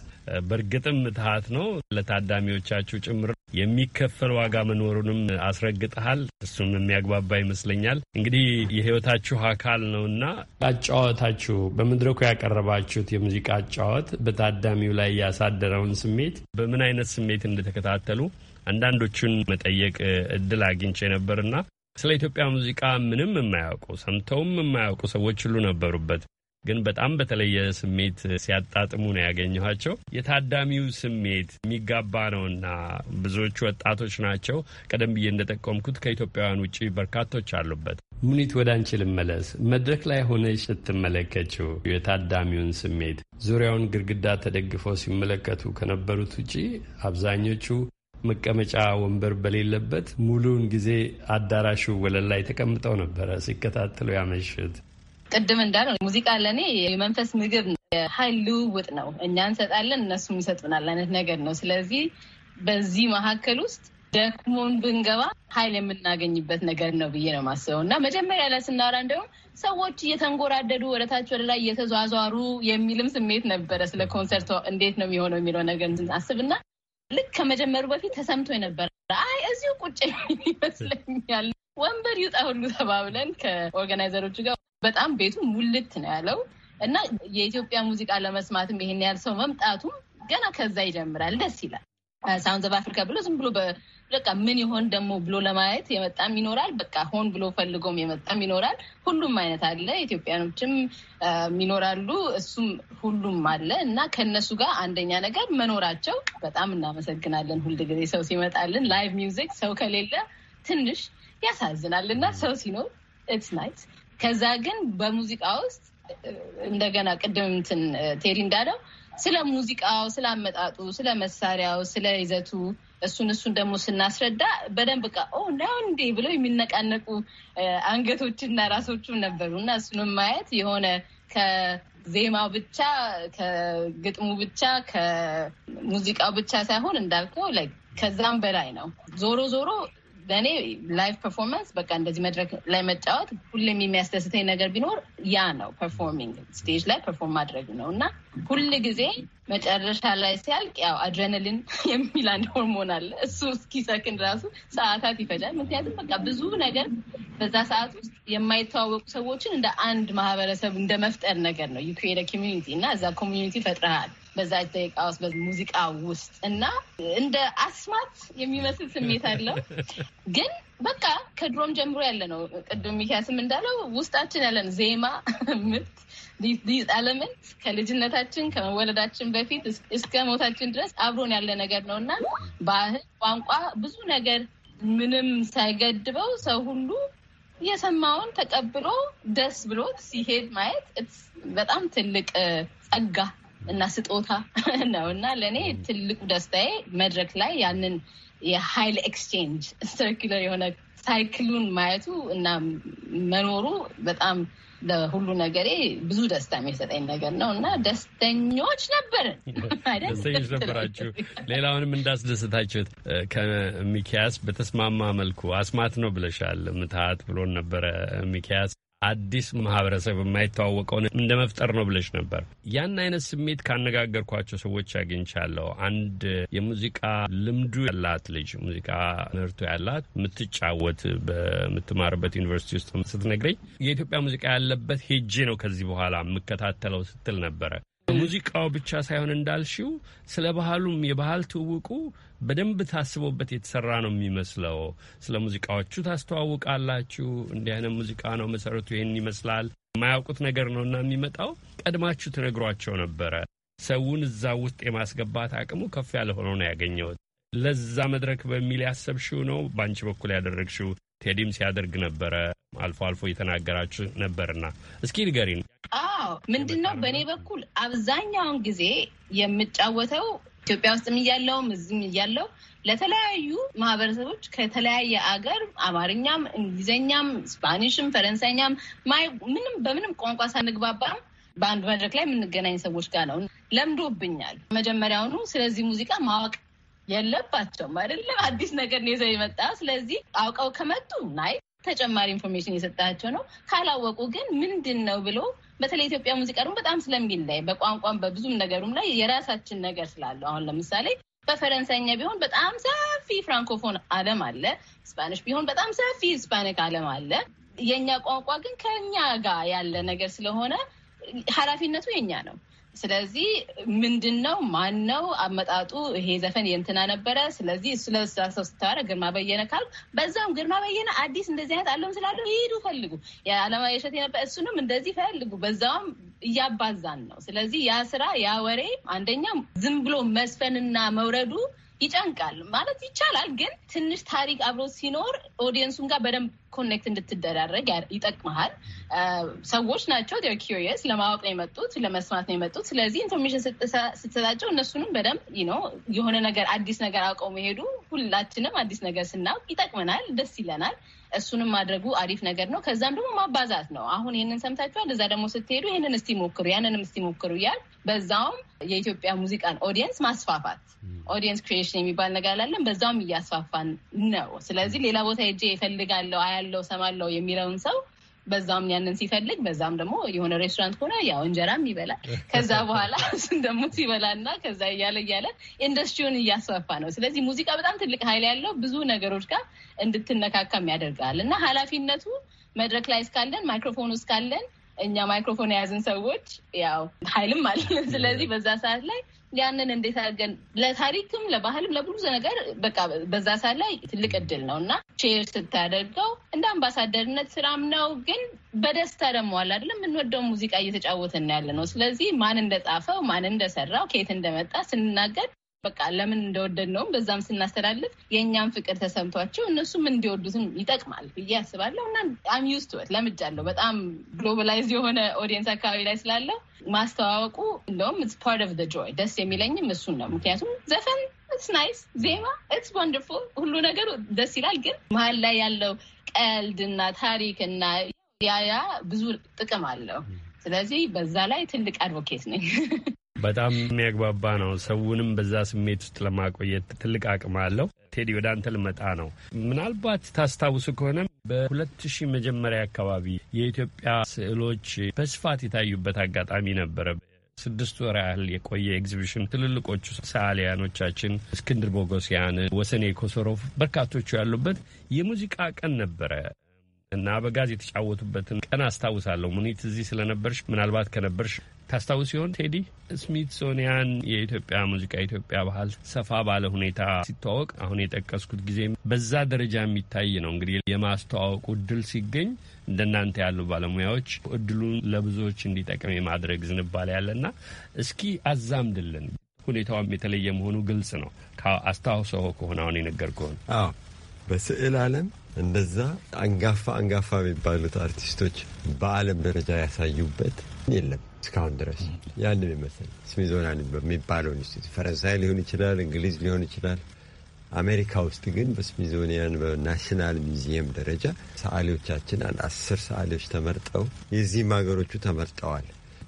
በእርግጥም ምትሀት ነው ለታዳሚዎቻችሁ ጭምር የሚከፈል ዋጋ መኖሩንም አስረግጠሃል። እሱም የሚያግባባ ይመስለኛል። እንግዲህ የህይወታችሁ አካል ነውና አጫወታችሁ፣ በመድረኩ ያቀረባችሁት የሙዚቃ አጫወት በታዳሚው ላይ ያሳደረውን ስሜት በምን አይነት ስሜት እንደተከታተሉ አንዳንዶቹን መጠየቅ እድል አግኝቼ ነበርና ስለ ኢትዮጵያ ሙዚቃ ምንም የማያውቁ ሰምተውም የማያውቁ ሰዎች ሁሉ ነበሩበት። ግን በጣም በተለየ ስሜት ሲያጣጥሙ ነው ያገኘኋቸው። የታዳሚው ስሜት የሚጋባ ነውና ብዙዎቹ ወጣቶች ናቸው። ቀደም ብዬ እንደጠቆምኩት ከኢትዮጵያውያን ውጭ በርካቶች አሉበት። ሙኒት፣ ወደ አንቺ ልመለስ። መድረክ ላይ ሆነች ስትመለከችው የታዳሚውን ስሜት ዙሪያውን ግድግዳ ተደግፈው ሲመለከቱ ከነበሩት ውጪ አብዛኞቹ መቀመጫ ወንበር በሌለበት ሙሉውን ጊዜ አዳራሹ ወለል ላይ ተቀምጠው ነበረ ሲከታተሉ ያመሽት። ቅድም እንዳለው ሙዚቃ ለእኔ የመንፈስ ምግብ ነው፣ ልውውጥ ነው። እኛ እንሰጣለን፣ እነሱም ይሰጡናል አይነት ነገር ነው። ስለዚህ በዚህ መካከል ውስጥ ደክሞን ብንገባ ሀይል የምናገኝበት ነገር ነው ብዬ ነው ማስበው እና መጀመሪያ ላይ ስናወራ እንደውም ሰዎች እየተንጎራደዱ ወደታች ወደ ላይ እየተዟዟሩ የሚልም ስሜት ነበረ። ስለ ኮንሰርት እንዴት ነው የሚሆነው የሚለው ነገር አስብና ልክ ከመጀመሩ በፊት ተሰምቶ ነበረ። አይ እዚሁ ቁጭ ይመስለኛል ወንበር ይውጣ ሁሉ ተባብለን ከኦርጋናይዘሮቹ ጋር በጣም ቤቱ ሙልት ነው ያለው እና የኢትዮጵያ ሙዚቃ ለመስማትም ይሄን ያህል ሰው መምጣቱም ገና ከዛ ይጀምራል። ደስ ይላል። ሳውንድ ኦፍ አፍሪካ ብሎ ዝም ብሎ በቃ ምን ይሆን ደግሞ ብሎ ለማየት የመጣም ይኖራል። በቃ ሆን ብሎ ፈልጎም የመጣም ይኖራል። ሁሉም አይነት አለ። ኢትዮጵያኖችም ይኖራሉ፣ እሱም ሁሉም አለ እና ከነሱ ጋር አንደኛ ነገር መኖራቸው በጣም እናመሰግናለን። ጊዜ ሰው ሲመጣልን ላይቭ ሚውዚክ ሰው ከሌለ ትንሽ ያሳዝናል እና ሰው ሲኖር ኢትስ ናይት። ከዛ ግን በሙዚቃ ውስጥ እንደገና ቅድም እንትን ቴሪ እንዳለው ስለ ሙዚቃው፣ ስለ አመጣጡ፣ ስለ መሳሪያው፣ ስለ ይዘቱ እሱን እሱን ደግሞ ስናስረዳ በደንብ ቃ ነው እንዴ ብለው የሚነቃነቁ አንገቶችና ራሶችም ነበሩ እና እሱንም ማየት የሆነ ከዜማው ብቻ ከግጥሙ ብቻ ከሙዚቃው ብቻ ሳይሆን እንዳልከው ከዛም በላይ ነው። ዞሮ ዞሮ ለእኔ ላይቭ ፐርፎርማንስ በቃ እንደዚህ መድረክ ላይ መጫወት ሁሌም የሚያስደስተኝ ነገር ቢኖር ያ ነው። ፐርፎርሚንግ ስቴጅ ላይ ፐርፎርም ማድረግ ነው እና ሁል ጊዜ መጨረሻ ላይ ሲያልቅ ያው አድሬናሊን የሚል አንድ ሆርሞን አለ። እሱ እስኪሰክን ራሱ ሰዓታት ይፈጃል። ምክንያቱም በቃ ብዙ ነገር በዛ ሰዓት ውስጥ የማይተዋወቁ ሰዎችን እንደ አንድ ማህበረሰብ እንደ መፍጠር ነገር ነው። ዩ ኮሚኒቲ እና እዛ ኮሚኒቲ ፈጥረሃል። በዛ ደቂቃ ውስጥ በሙዚቃ ውስጥ እና እንደ አስማት የሚመስል ስሜት አለው ግን በቃ ከድሮም ጀምሮ ያለ ነው። ቅድም ሚኪያስም እንዳለው ውስጣችን ያለን ዜማ ምት ዲዝ ኤለመንት ከልጅነታችን ከመወለዳችን በፊት እስከ ሞታችን ድረስ አብሮን ያለ ነገር ነው እና ባህል፣ ቋንቋ፣ ብዙ ነገር ምንም ሳይገድበው ሰው ሁሉ የሰማውን ተቀብሎ ደስ ብሎት ሲሄድ ማየት በጣም ትልቅ ጸጋ እና ስጦታ ነው እና ለእኔ ትልቁ ደስታዬ መድረክ ላይ ያንን የሀይል ኤክስቼንጅ ሰርኪለር የሆነ ሳይክሉን ማየቱ እና መኖሩ በጣም ለሁሉ ነገሬ ብዙ ደስታ የሚሰጠኝ ነገር ነው እና ደስተኞች ነበርን። ደስተኞች ነበራችሁ። ሌላውንም እንዳስደሰታችሁት ከሚኪያስ በተስማማ መልኩ አስማት ነው ብለሻል። ምትሃት ብሎን ነበረ ሚኪያስ አዲስ ማህበረሰብ የማይተዋወቀውን እንደ መፍጠር ነው ብለሽ ነበር። ያን አይነት ስሜት ካነጋገርኳቸው ሰዎች አግኝቻለሁ። አንድ የሙዚቃ ልምዱ ያላት ልጅ ሙዚቃ ምርቱ ያላት የምትጫወት በምትማርበት ዩኒቨርሲቲ ውስጥ ስትነግረኝ የኢትዮጵያ ሙዚቃ ያለበት ሄጄ ነው ከዚህ በኋላ የምከታተለው ስትል ነበረ። ሙዚቃው ብቻ ሳይሆን እንዳልሽው ስለ ባህሉም የባህል ትውውቁ በደንብ ታስቦበት የተሰራ ነው የሚመስለው። ስለ ሙዚቃዎቹ ታስተዋውቃላችሁ። እንዲህ አይነት ሙዚቃ ነው መሰረቱ፣ ይህን ይመስላል። የማያውቁት ነገር ነው እና የሚመጣው ቀድማችሁ ትነግሯቸው ነበረ። ሰውን እዛ ውስጥ የማስገባት አቅሙ ከፍ ያለ ሆኖ ነው ያገኘሁት። ለዛ መድረክ በሚል ያሰብሽው ነው በአንቺ በኩል ያደረግሽው ቴዲም ሲያደርግ ነበረ አልፎ አልፎ የተናገራችሁ ነበርና እስኪ ንገሪን። አዎ ምንድን ነው በእኔ በኩል አብዛኛውን ጊዜ የምጫወተው ኢትዮጵያ ውስጥም እያለውም እዚህም እያለው ለተለያዩ ማህበረሰቦች ከተለያየ አገር አማርኛም፣ እንግሊዝኛም፣ ስፓኒሽም፣ ፈረንሳይኛም ምንም በምንም ቋንቋ ሳንግባባም በአንድ መድረክ ላይ የምንገናኝ ሰዎች ጋር ነው። ለምዶብኛል መጀመሪያውኑ። ስለዚህ ሙዚቃ ማወቅ የለባቸውም አይደለም። አዲስ ነገር ነው ይዘው የመጣ ስለዚህ አውቀው ከመጡ ናይ ተጨማሪ ኢንፎርሜሽን የሰጣቸው ነው። ካላወቁ ግን ምንድን ነው ብሎ በተለይ ኢትዮጵያ ሙዚቃ ደግሞ በጣም ስለሚለይ በቋንቋም በብዙም ነገሩም ላይ የራሳችን ነገር ስላለው አሁን ለምሳሌ በፈረንሳይኛ ቢሆን በጣም ሰፊ ፍራንኮፎን ዓለም አለ። ስፓኒሽ ቢሆን በጣም ሰፊ ስፓኒክ ዓለም አለ። የእኛ ቋንቋ ግን ከኛ ጋር ያለ ነገር ስለሆነ ኃላፊነቱ የኛ ነው። ስለዚህ ምንድን ነው ማን ነው አመጣጡ? ይሄ ዘፈን የእንትና ነበረ። ስለዚህ እሱ ለዛ ሰው ስታወራ ግርማ በየነ ካል በዛም ግርማ በየነ አዲስ እንደዚህ አይነት አለም ስላለ ይሄዱ ፈልጉ የዓለማ የሸት የነበረ እሱንም እንደዚህ ፈልጉ። በዛውም እያባዛን ነው። ስለዚህ ያ ስራ ያ ወሬ አንደኛ ዝም ብሎ መስፈንና መውረዱ ይጨንቃል ማለት ይቻላል። ግን ትንሽ ታሪክ አብሮ ሲኖር ኦዲየንሱን ጋር በደንብ ኮኔክት እንድትደራረግ ይጠቅመሃል። ሰዎች ናቸው ኪሪየስ ለማወቅ ነው የመጡት፣ ለመስማት ነው የመጡት። ስለዚህ ኢንፎርሜሽን ስትሰጣቸው እነሱንም በደንብ ነው የሆነ ነገር አዲስ ነገር አውቀው መሄዱ ሁላችንም አዲስ ነገር ስናውቅ ይጠቅመናል፣ ደስ ይለናል። እሱንም ማድረጉ አሪፍ ነገር ነው። ከዛም ደግሞ ማባዛት ነው። አሁን ይህንን ሰምታችኋል፣ እዛ ደግሞ ስትሄዱ ይህንን እስቲ ሞክሩ፣ ያንንም እስቲ ሞክሩ እያል በዛውም የኢትዮጵያ ሙዚቃን ኦዲየንስ ማስፋፋት ኦዲየንስ ክሪኤሽን የሚባል ነገር አላለን። በዛውም እያስፋፋን ነው። ስለዚህ ሌላ ቦታ ሄጄ እፈልጋለሁ፣ አያለው፣ ሰማለው የሚለውን ሰው በዛም ያንን ሲፈልግ በዛም ደግሞ የሆነ ሬስቶራንት ከሆነ ያው እንጀራም ይበላል። ከዛ በኋላ እሱን ደግሞ ሲበላና ከዛ እያለ እያለ ኢንዱስትሪውን እያስፋፋ ነው። ስለዚህ ሙዚቃ በጣም ትልቅ ኃይል ያለው ብዙ ነገሮች ጋር እንድትነካካም ያደርጋል እና ኃላፊነቱ መድረክ ላይ እስካለን ማይክሮፎን እስካለን እኛ ማይክሮፎን የያዝን ሰዎች ያው ኃይልም አለን። ስለዚህ በዛ ሰዓት ላይ ያንን እንዴት አድርገን ለታሪክም ለባህልም ለብዙ ነገር በቃ በዛ ሰዓት ላይ ትልቅ እድል ነው እና ቼር ስታደርገው እንደ አምባሳደርነት ስራም ነው፣ ግን በደስታ ደግሞ አለ አይደለም የምንወደው ሙዚቃ እየተጫወትን ያለ ነው። ስለዚህ ማን እንደጻፈው ማን እንደሰራው ከየት እንደመጣ ስንናገር በቃ ለምን እንደወደድ ነውም በዛም ስናስተላልፍ የእኛም ፍቅር ተሰምቷቸው እነሱም እንዲወዱትም ይጠቅማል ብዬ አስባለሁ እና በጣም ዩስት ወት ለምጃለሁ። በጣም ግሎባላይዝ የሆነ ኦዲየንስ አካባቢ ላይ ስላለው ማስተዋወቁ እንደውም ፓርት ኦፍ ጆይ ደስ የሚለኝም እሱን ነው። ምክንያቱም ዘፈን ኢትስ ናይስ፣ ዜማ ኢትስ ወንደርፉል፣ ሁሉ ነገሩ ደስ ይላል። ግን መሀል ላይ ያለው ቀልድ እና ታሪክ እና ያያ ብዙ ጥቅም አለው። ስለዚህ በዛ ላይ ትልቅ አድቮኬት ነኝ። በጣም የሚያግባባ ነው። ሰውንም በዛ ስሜት ውስጥ ለማቆየት ትልቅ አቅም አለው። ቴዲ ወደ አንተ ልመጣ ነው። ምናልባት ታስታውሱ ከሆነ በሁለት ሺህ መጀመሪያ አካባቢ የኢትዮጵያ ስዕሎች በስፋት የታዩበት አጋጣሚ ነበረ። ስድስት ወር ያህል የቆየ ኤግዚቢሽን ትልልቆቹ ሰዓሊያኖቻችን እስክንድር ቦጎሲያን፣ ወሰኔ ኮሶሮፍ፣ በርካቶቹ ያሉበት የሙዚቃ ቀን ነበረ። እና በጋዝ የተጫወቱበትን ቀን አስታውሳለሁ። ሙኒት እዚህ ስለነበርሽ ምናልባት ከነበርሽ ታስታውስ ሲሆን ቴዲ ስሚትሶኒያን የኢትዮጵያ ሙዚቃ የኢትዮጵያ ባህል ሰፋ ባለ ሁኔታ ሲተዋወቅ አሁን የጠቀስኩት ጊዜ በዛ ደረጃ የሚታይ ነው። እንግዲህ የማስተዋወቁ እድል ሲገኝ እንደናንተ ያሉ ባለሙያዎች እድሉን ለብዙዎች እንዲጠቅም የማድረግ ዝንባሌ ያለና እስኪ አዛምድልን። ሁኔታውም የተለየ መሆኑ ግልጽ ነው። አስታውሰው ከሆነ አሁን የነገር ከሆነ በስዕል አለም እንደዛ አንጋፋ አንጋፋ የሚባሉት አርቲስቶች በዓለም ደረጃ ያሳዩበት የለም እስካሁን ድረስ ያንን ይመስል ስሚዞናን በሚባለው ኢንስቲትዩት ፈረንሳይ ሊሆን ይችላል፣ እንግሊዝ ሊሆን ይችላል። አሜሪካ ውስጥ ግን በስሚዞኒያን በናሽናል ሚዚየም ደረጃ ሰዓሊዎቻችን አንድ አስር ሰዓሊዎች ተመርጠው የዚህም ሀገሮቹ ተመርጠዋል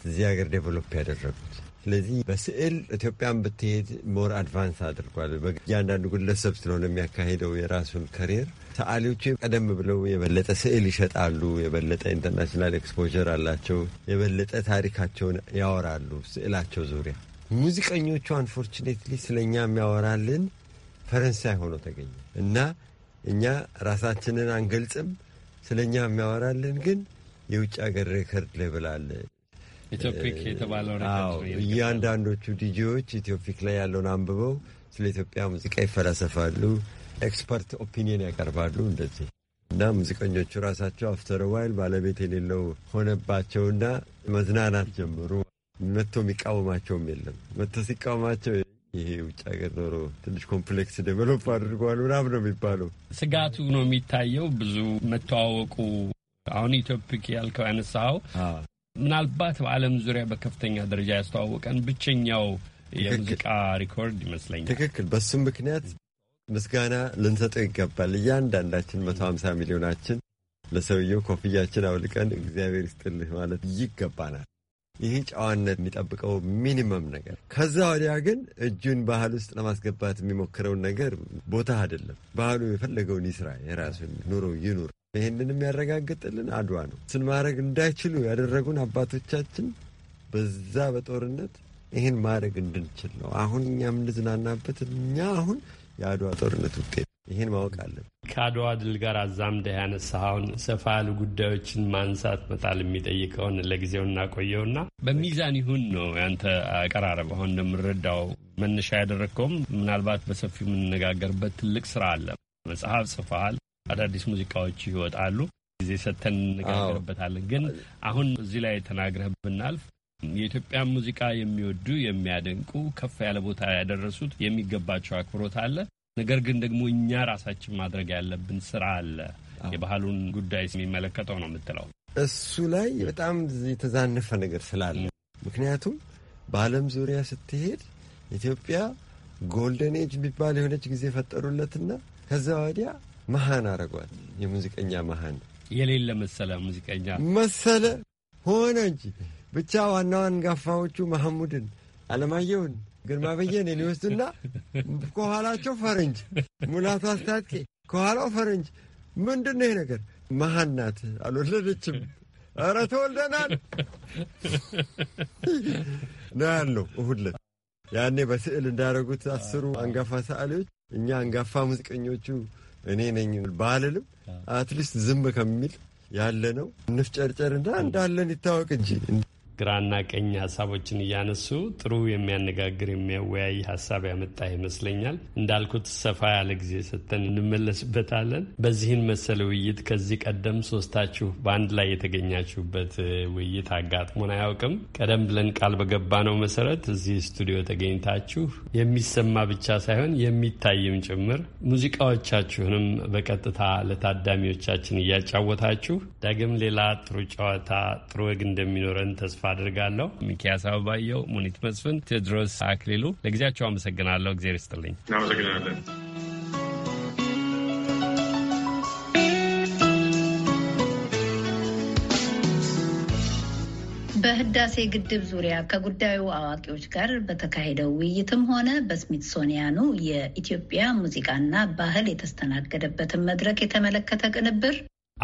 እዚህ ሀገር ዴቨሎፕ ያደረጉት። ስለዚህ በስዕል ኢትዮጵያን ብትሄድ ሞር አድቫንስ አድርጓል። እያንዳንዱ ግለሰብ ስለሆነ የሚያካሄደው የራሱን ከሪየር ሰዓሊዎቹ ቀደም ብለው የበለጠ ስዕል ይሸጣሉ፣ የበለጠ ኢንተርናሽናል ኤክስፖዠር አላቸው፣ የበለጠ ታሪካቸውን ያወራሉ ስዕላቸው ዙሪያ። ሙዚቀኞቹ አንፎርችኔትሊ ስለኛ የሚያወራልን ፈረንሳይ ሆኖ ተገኘ እና እኛ ራሳችንን አንገልጽም። ስለኛ የሚያወራልን ግን የውጭ ሀገር ሬከርድ ሌብል አለ። ኢትዮፒክ የተባለው እያንዳንዶቹ ዲጂዎች ኢትዮፒክ ላይ ያለውን አንብበው ስለ ኢትዮጵያ ሙዚቃ ይፈላሰፋሉ። ኤክስፐርት ኦፒኒየን ያቀርባሉ እንደዚህ እና ሙዚቀኞቹ ራሳቸው አፍተር ዋይል ባለቤት የሌለው ሆነባቸውና መዝናናት ጀምሩ። መጥቶ የሚቃወማቸውም የለም። መጥቶ ሲቃወማቸው ይሄ ውጭ ሀገር ኖሮ ትንሽ ኮምፕሌክስ ዴቨሎፕ አድርጓል ምናምን ነው የሚባለው። ስጋቱ ነው የሚታየው ብዙ መተዋወቁ። አሁን ኢትዮፒክ ያልከው ያነሳው ምናልባት በዓለም ዙሪያ በከፍተኛ ደረጃ ያስተዋወቀን ብቸኛው የሙዚቃ ሪኮርድ ይመስለኛል። ትክክል። በሱም ምክንያት ምስጋና ልንሰጠው ይገባል። እያንዳንዳችን መቶ ሀምሳ ሚሊዮናችን ለሰውየው ኮፍያችን አውልቀን እግዚአብሔር ይስጥልህ ማለት ይገባናል። ይህ ጨዋነት የሚጠብቀው ሚኒመም ነገር። ከዛ ወዲያ ግን እጁን ባህል ውስጥ ለማስገባት የሚሞክረውን ነገር ቦታ አይደለም። ባህሉ የፈለገውን ይስራ፣ የራሱን ኑሮ ይኑር። ይህንን የሚያረጋግጥልን አድዋ ነው። እሱን ማድረግ እንዳይችሉ ያደረጉን አባቶቻችን በዛ በጦርነት ይህን ማድረግ እንድንችል ነው። አሁን እኛ የምንዝናናበት እኛ አሁን የአድዋ ጦርነት ውጤት ይህን ማወቅ አለን። ከአድዋ ድል ጋር አዛምደህ ያነሳኸውን ሰፋ ያሉ ጉዳዮችን ማንሳት መጣል የሚጠይቀውን ለጊዜው እናቆየውና በሚዛን ይሁን ነው ያንተ አቀራረብ። አሁን እንደምንረዳው መነሻ ያደረግከውም ምናልባት በሰፊው የምንነጋገርበት ትልቅ ስራ አለ። መጽሐፍ ጽፈሃል፣ አዳዲስ ሙዚቃዎች ይወጣሉ። ጊዜ ሰጥተን እንነጋገርበታለን። ግን አሁን እዚህ ላይ ተናግረህ ብናልፍ የኢትዮጵያ ሙዚቃ የሚወዱ የሚያደንቁ ከፍ ያለ ቦታ ያደረሱት የሚገባቸው አክብሮት አለ። ነገር ግን ደግሞ እኛ ራሳችን ማድረግ ያለብን ስራ አለ። የባህሉን ጉዳይ የሚመለከተው ነው የምትለው እሱ ላይ በጣም የተዛነፈ ነገር ስላለ ምክንያቱም በዓለም ዙሪያ ስትሄድ ኢትዮጵያ ጎልደን ኤጅ ቢባል የሆነች ጊዜ ፈጠሩለትና ከዛ ወዲያ መሀን አረጓል። የሙዚቀኛ መሀን የሌለ መሰለ ሙዚቀኛ መሰለ ሆነ እንጂ ብቻ ዋና አንጋፋዎቹ መሐሙድን፣ አለማየሁን፣ ግርማ በየነን ይወስዱና ከኋላቸው ፈረንጅ ሙላቱ አስታጥቄ ከኋላው ፈረንጅ ምንድን ነው ይሄ ነገር? መሀን አልወለደችም፣ ኧረ ተወልደናል ነው ያለው። እሁድ ዕለት ያኔ በስዕል እንዳደረጉት አስሩ አንጋፋ ሰዓሊዎች እኛ አንጋፋ ሙዚቀኞቹ እኔ ነኝ ባልልም አትሊስት ዝም ከሚል ያለ ነው እንፍጨርጨርና እንዳለን ይታወቅ እንጂ ግራና ቀኝ ሀሳቦችን እያነሱ ጥሩ የሚያነጋግር የሚያወያይ ሀሳብ ያመጣ ይመስለኛል። እንዳልኩት ሰፋ ያለ ጊዜ ሰጥተን እንመለስበታለን። በዚህን መሰል ውይይት ከዚህ ቀደም ሶስታችሁ በአንድ ላይ የተገኛችሁበት ውይይት አጋጥሞን አያውቅም። ቀደም ብለን ቃል በገባ ነው መሰረት እዚህ ስቱዲዮ ተገኝታችሁ የሚሰማ ብቻ ሳይሆን የሚታይም ጭምር ሙዚቃዎቻችሁንም በቀጥታ ለታዳሚዎቻችን እያጫወታችሁ ዳግም ሌላ ጥሩ ጨዋታ ጥሩ ወግ እንደሚኖረን ተስፋ አድርጋለሁ። ሚኪያስ አበባየው፣ ሙኒት መስፍን፣ ቴድሮስ አክሊሉ ለጊዜያቸው አመሰግናለሁ። እግዜር ይስጥልኝ። አመሰግናለን። በህዳሴ ግድብ ዙሪያ ከጉዳዩ አዋቂዎች ጋር በተካሄደው ውይይትም ሆነ በስሚትሶኒያኑ የኢትዮጵያ ሙዚቃና ባህል የተስተናገደበትን መድረክ የተመለከተ ቅንብር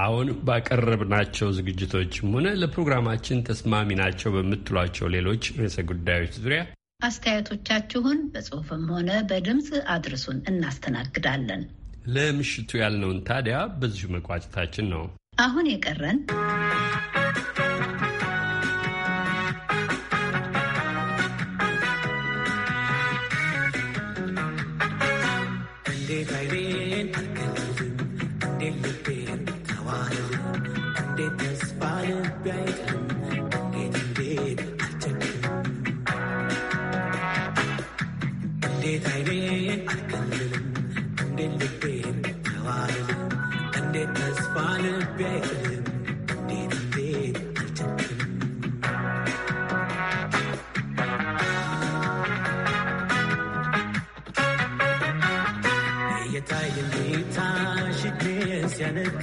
አሁን ባቀረብናቸው ዝግጅቶችም ሆነ ለፕሮግራማችን ተስማሚ ናቸው በምትሏቸው ሌሎች ርዕሰ ጉዳዮች ዙሪያ አስተያየቶቻችሁን በጽሁፍም ሆነ በድምፅ አድርሱን፣ እናስተናግዳለን። ለምሽቱ ያልነውን ታዲያ በዚሁ መቋጨታችን ነው። አሁን የቀረን ታይታ ሽድስ ያነክ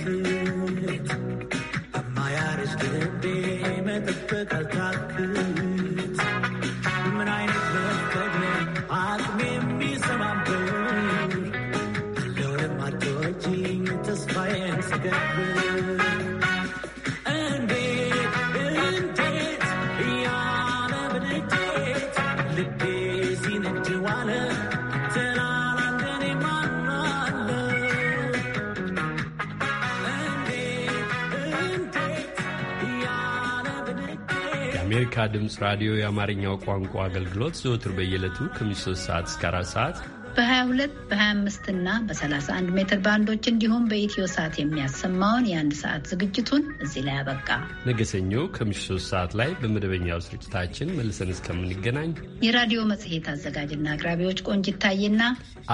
ድምፅ ራዲዮ የአማርኛው ቋንቋ አገልግሎት ዘወትር በየዕለቱ ከምሽቱ 3 ሰዓት እስከ 4 ሰዓት በ22 በ25 እና በ31 ሜትር ባንዶች እንዲሁም በኢትዮ ሰዓት የሚያሰማውን የአንድ ሰዓት ዝግጅቱን እዚህ ላይ አበቃ። ነገ ሰኞ ከምሽቱ 3 ሰዓት ላይ በመደበኛው ስርጭታችን መልሰን እስከምንገናኝ የራዲዮ መጽሔት አዘጋጅና አቅራቢዎች ቆንጅት ታዬና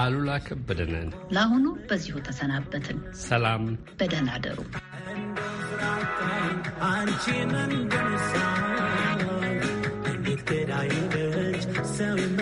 አሉላ ከበደ ነን። ለአሁኑ በዚሁ ተሰናበትን። ሰላም፣ በደህና አደሩ። did I even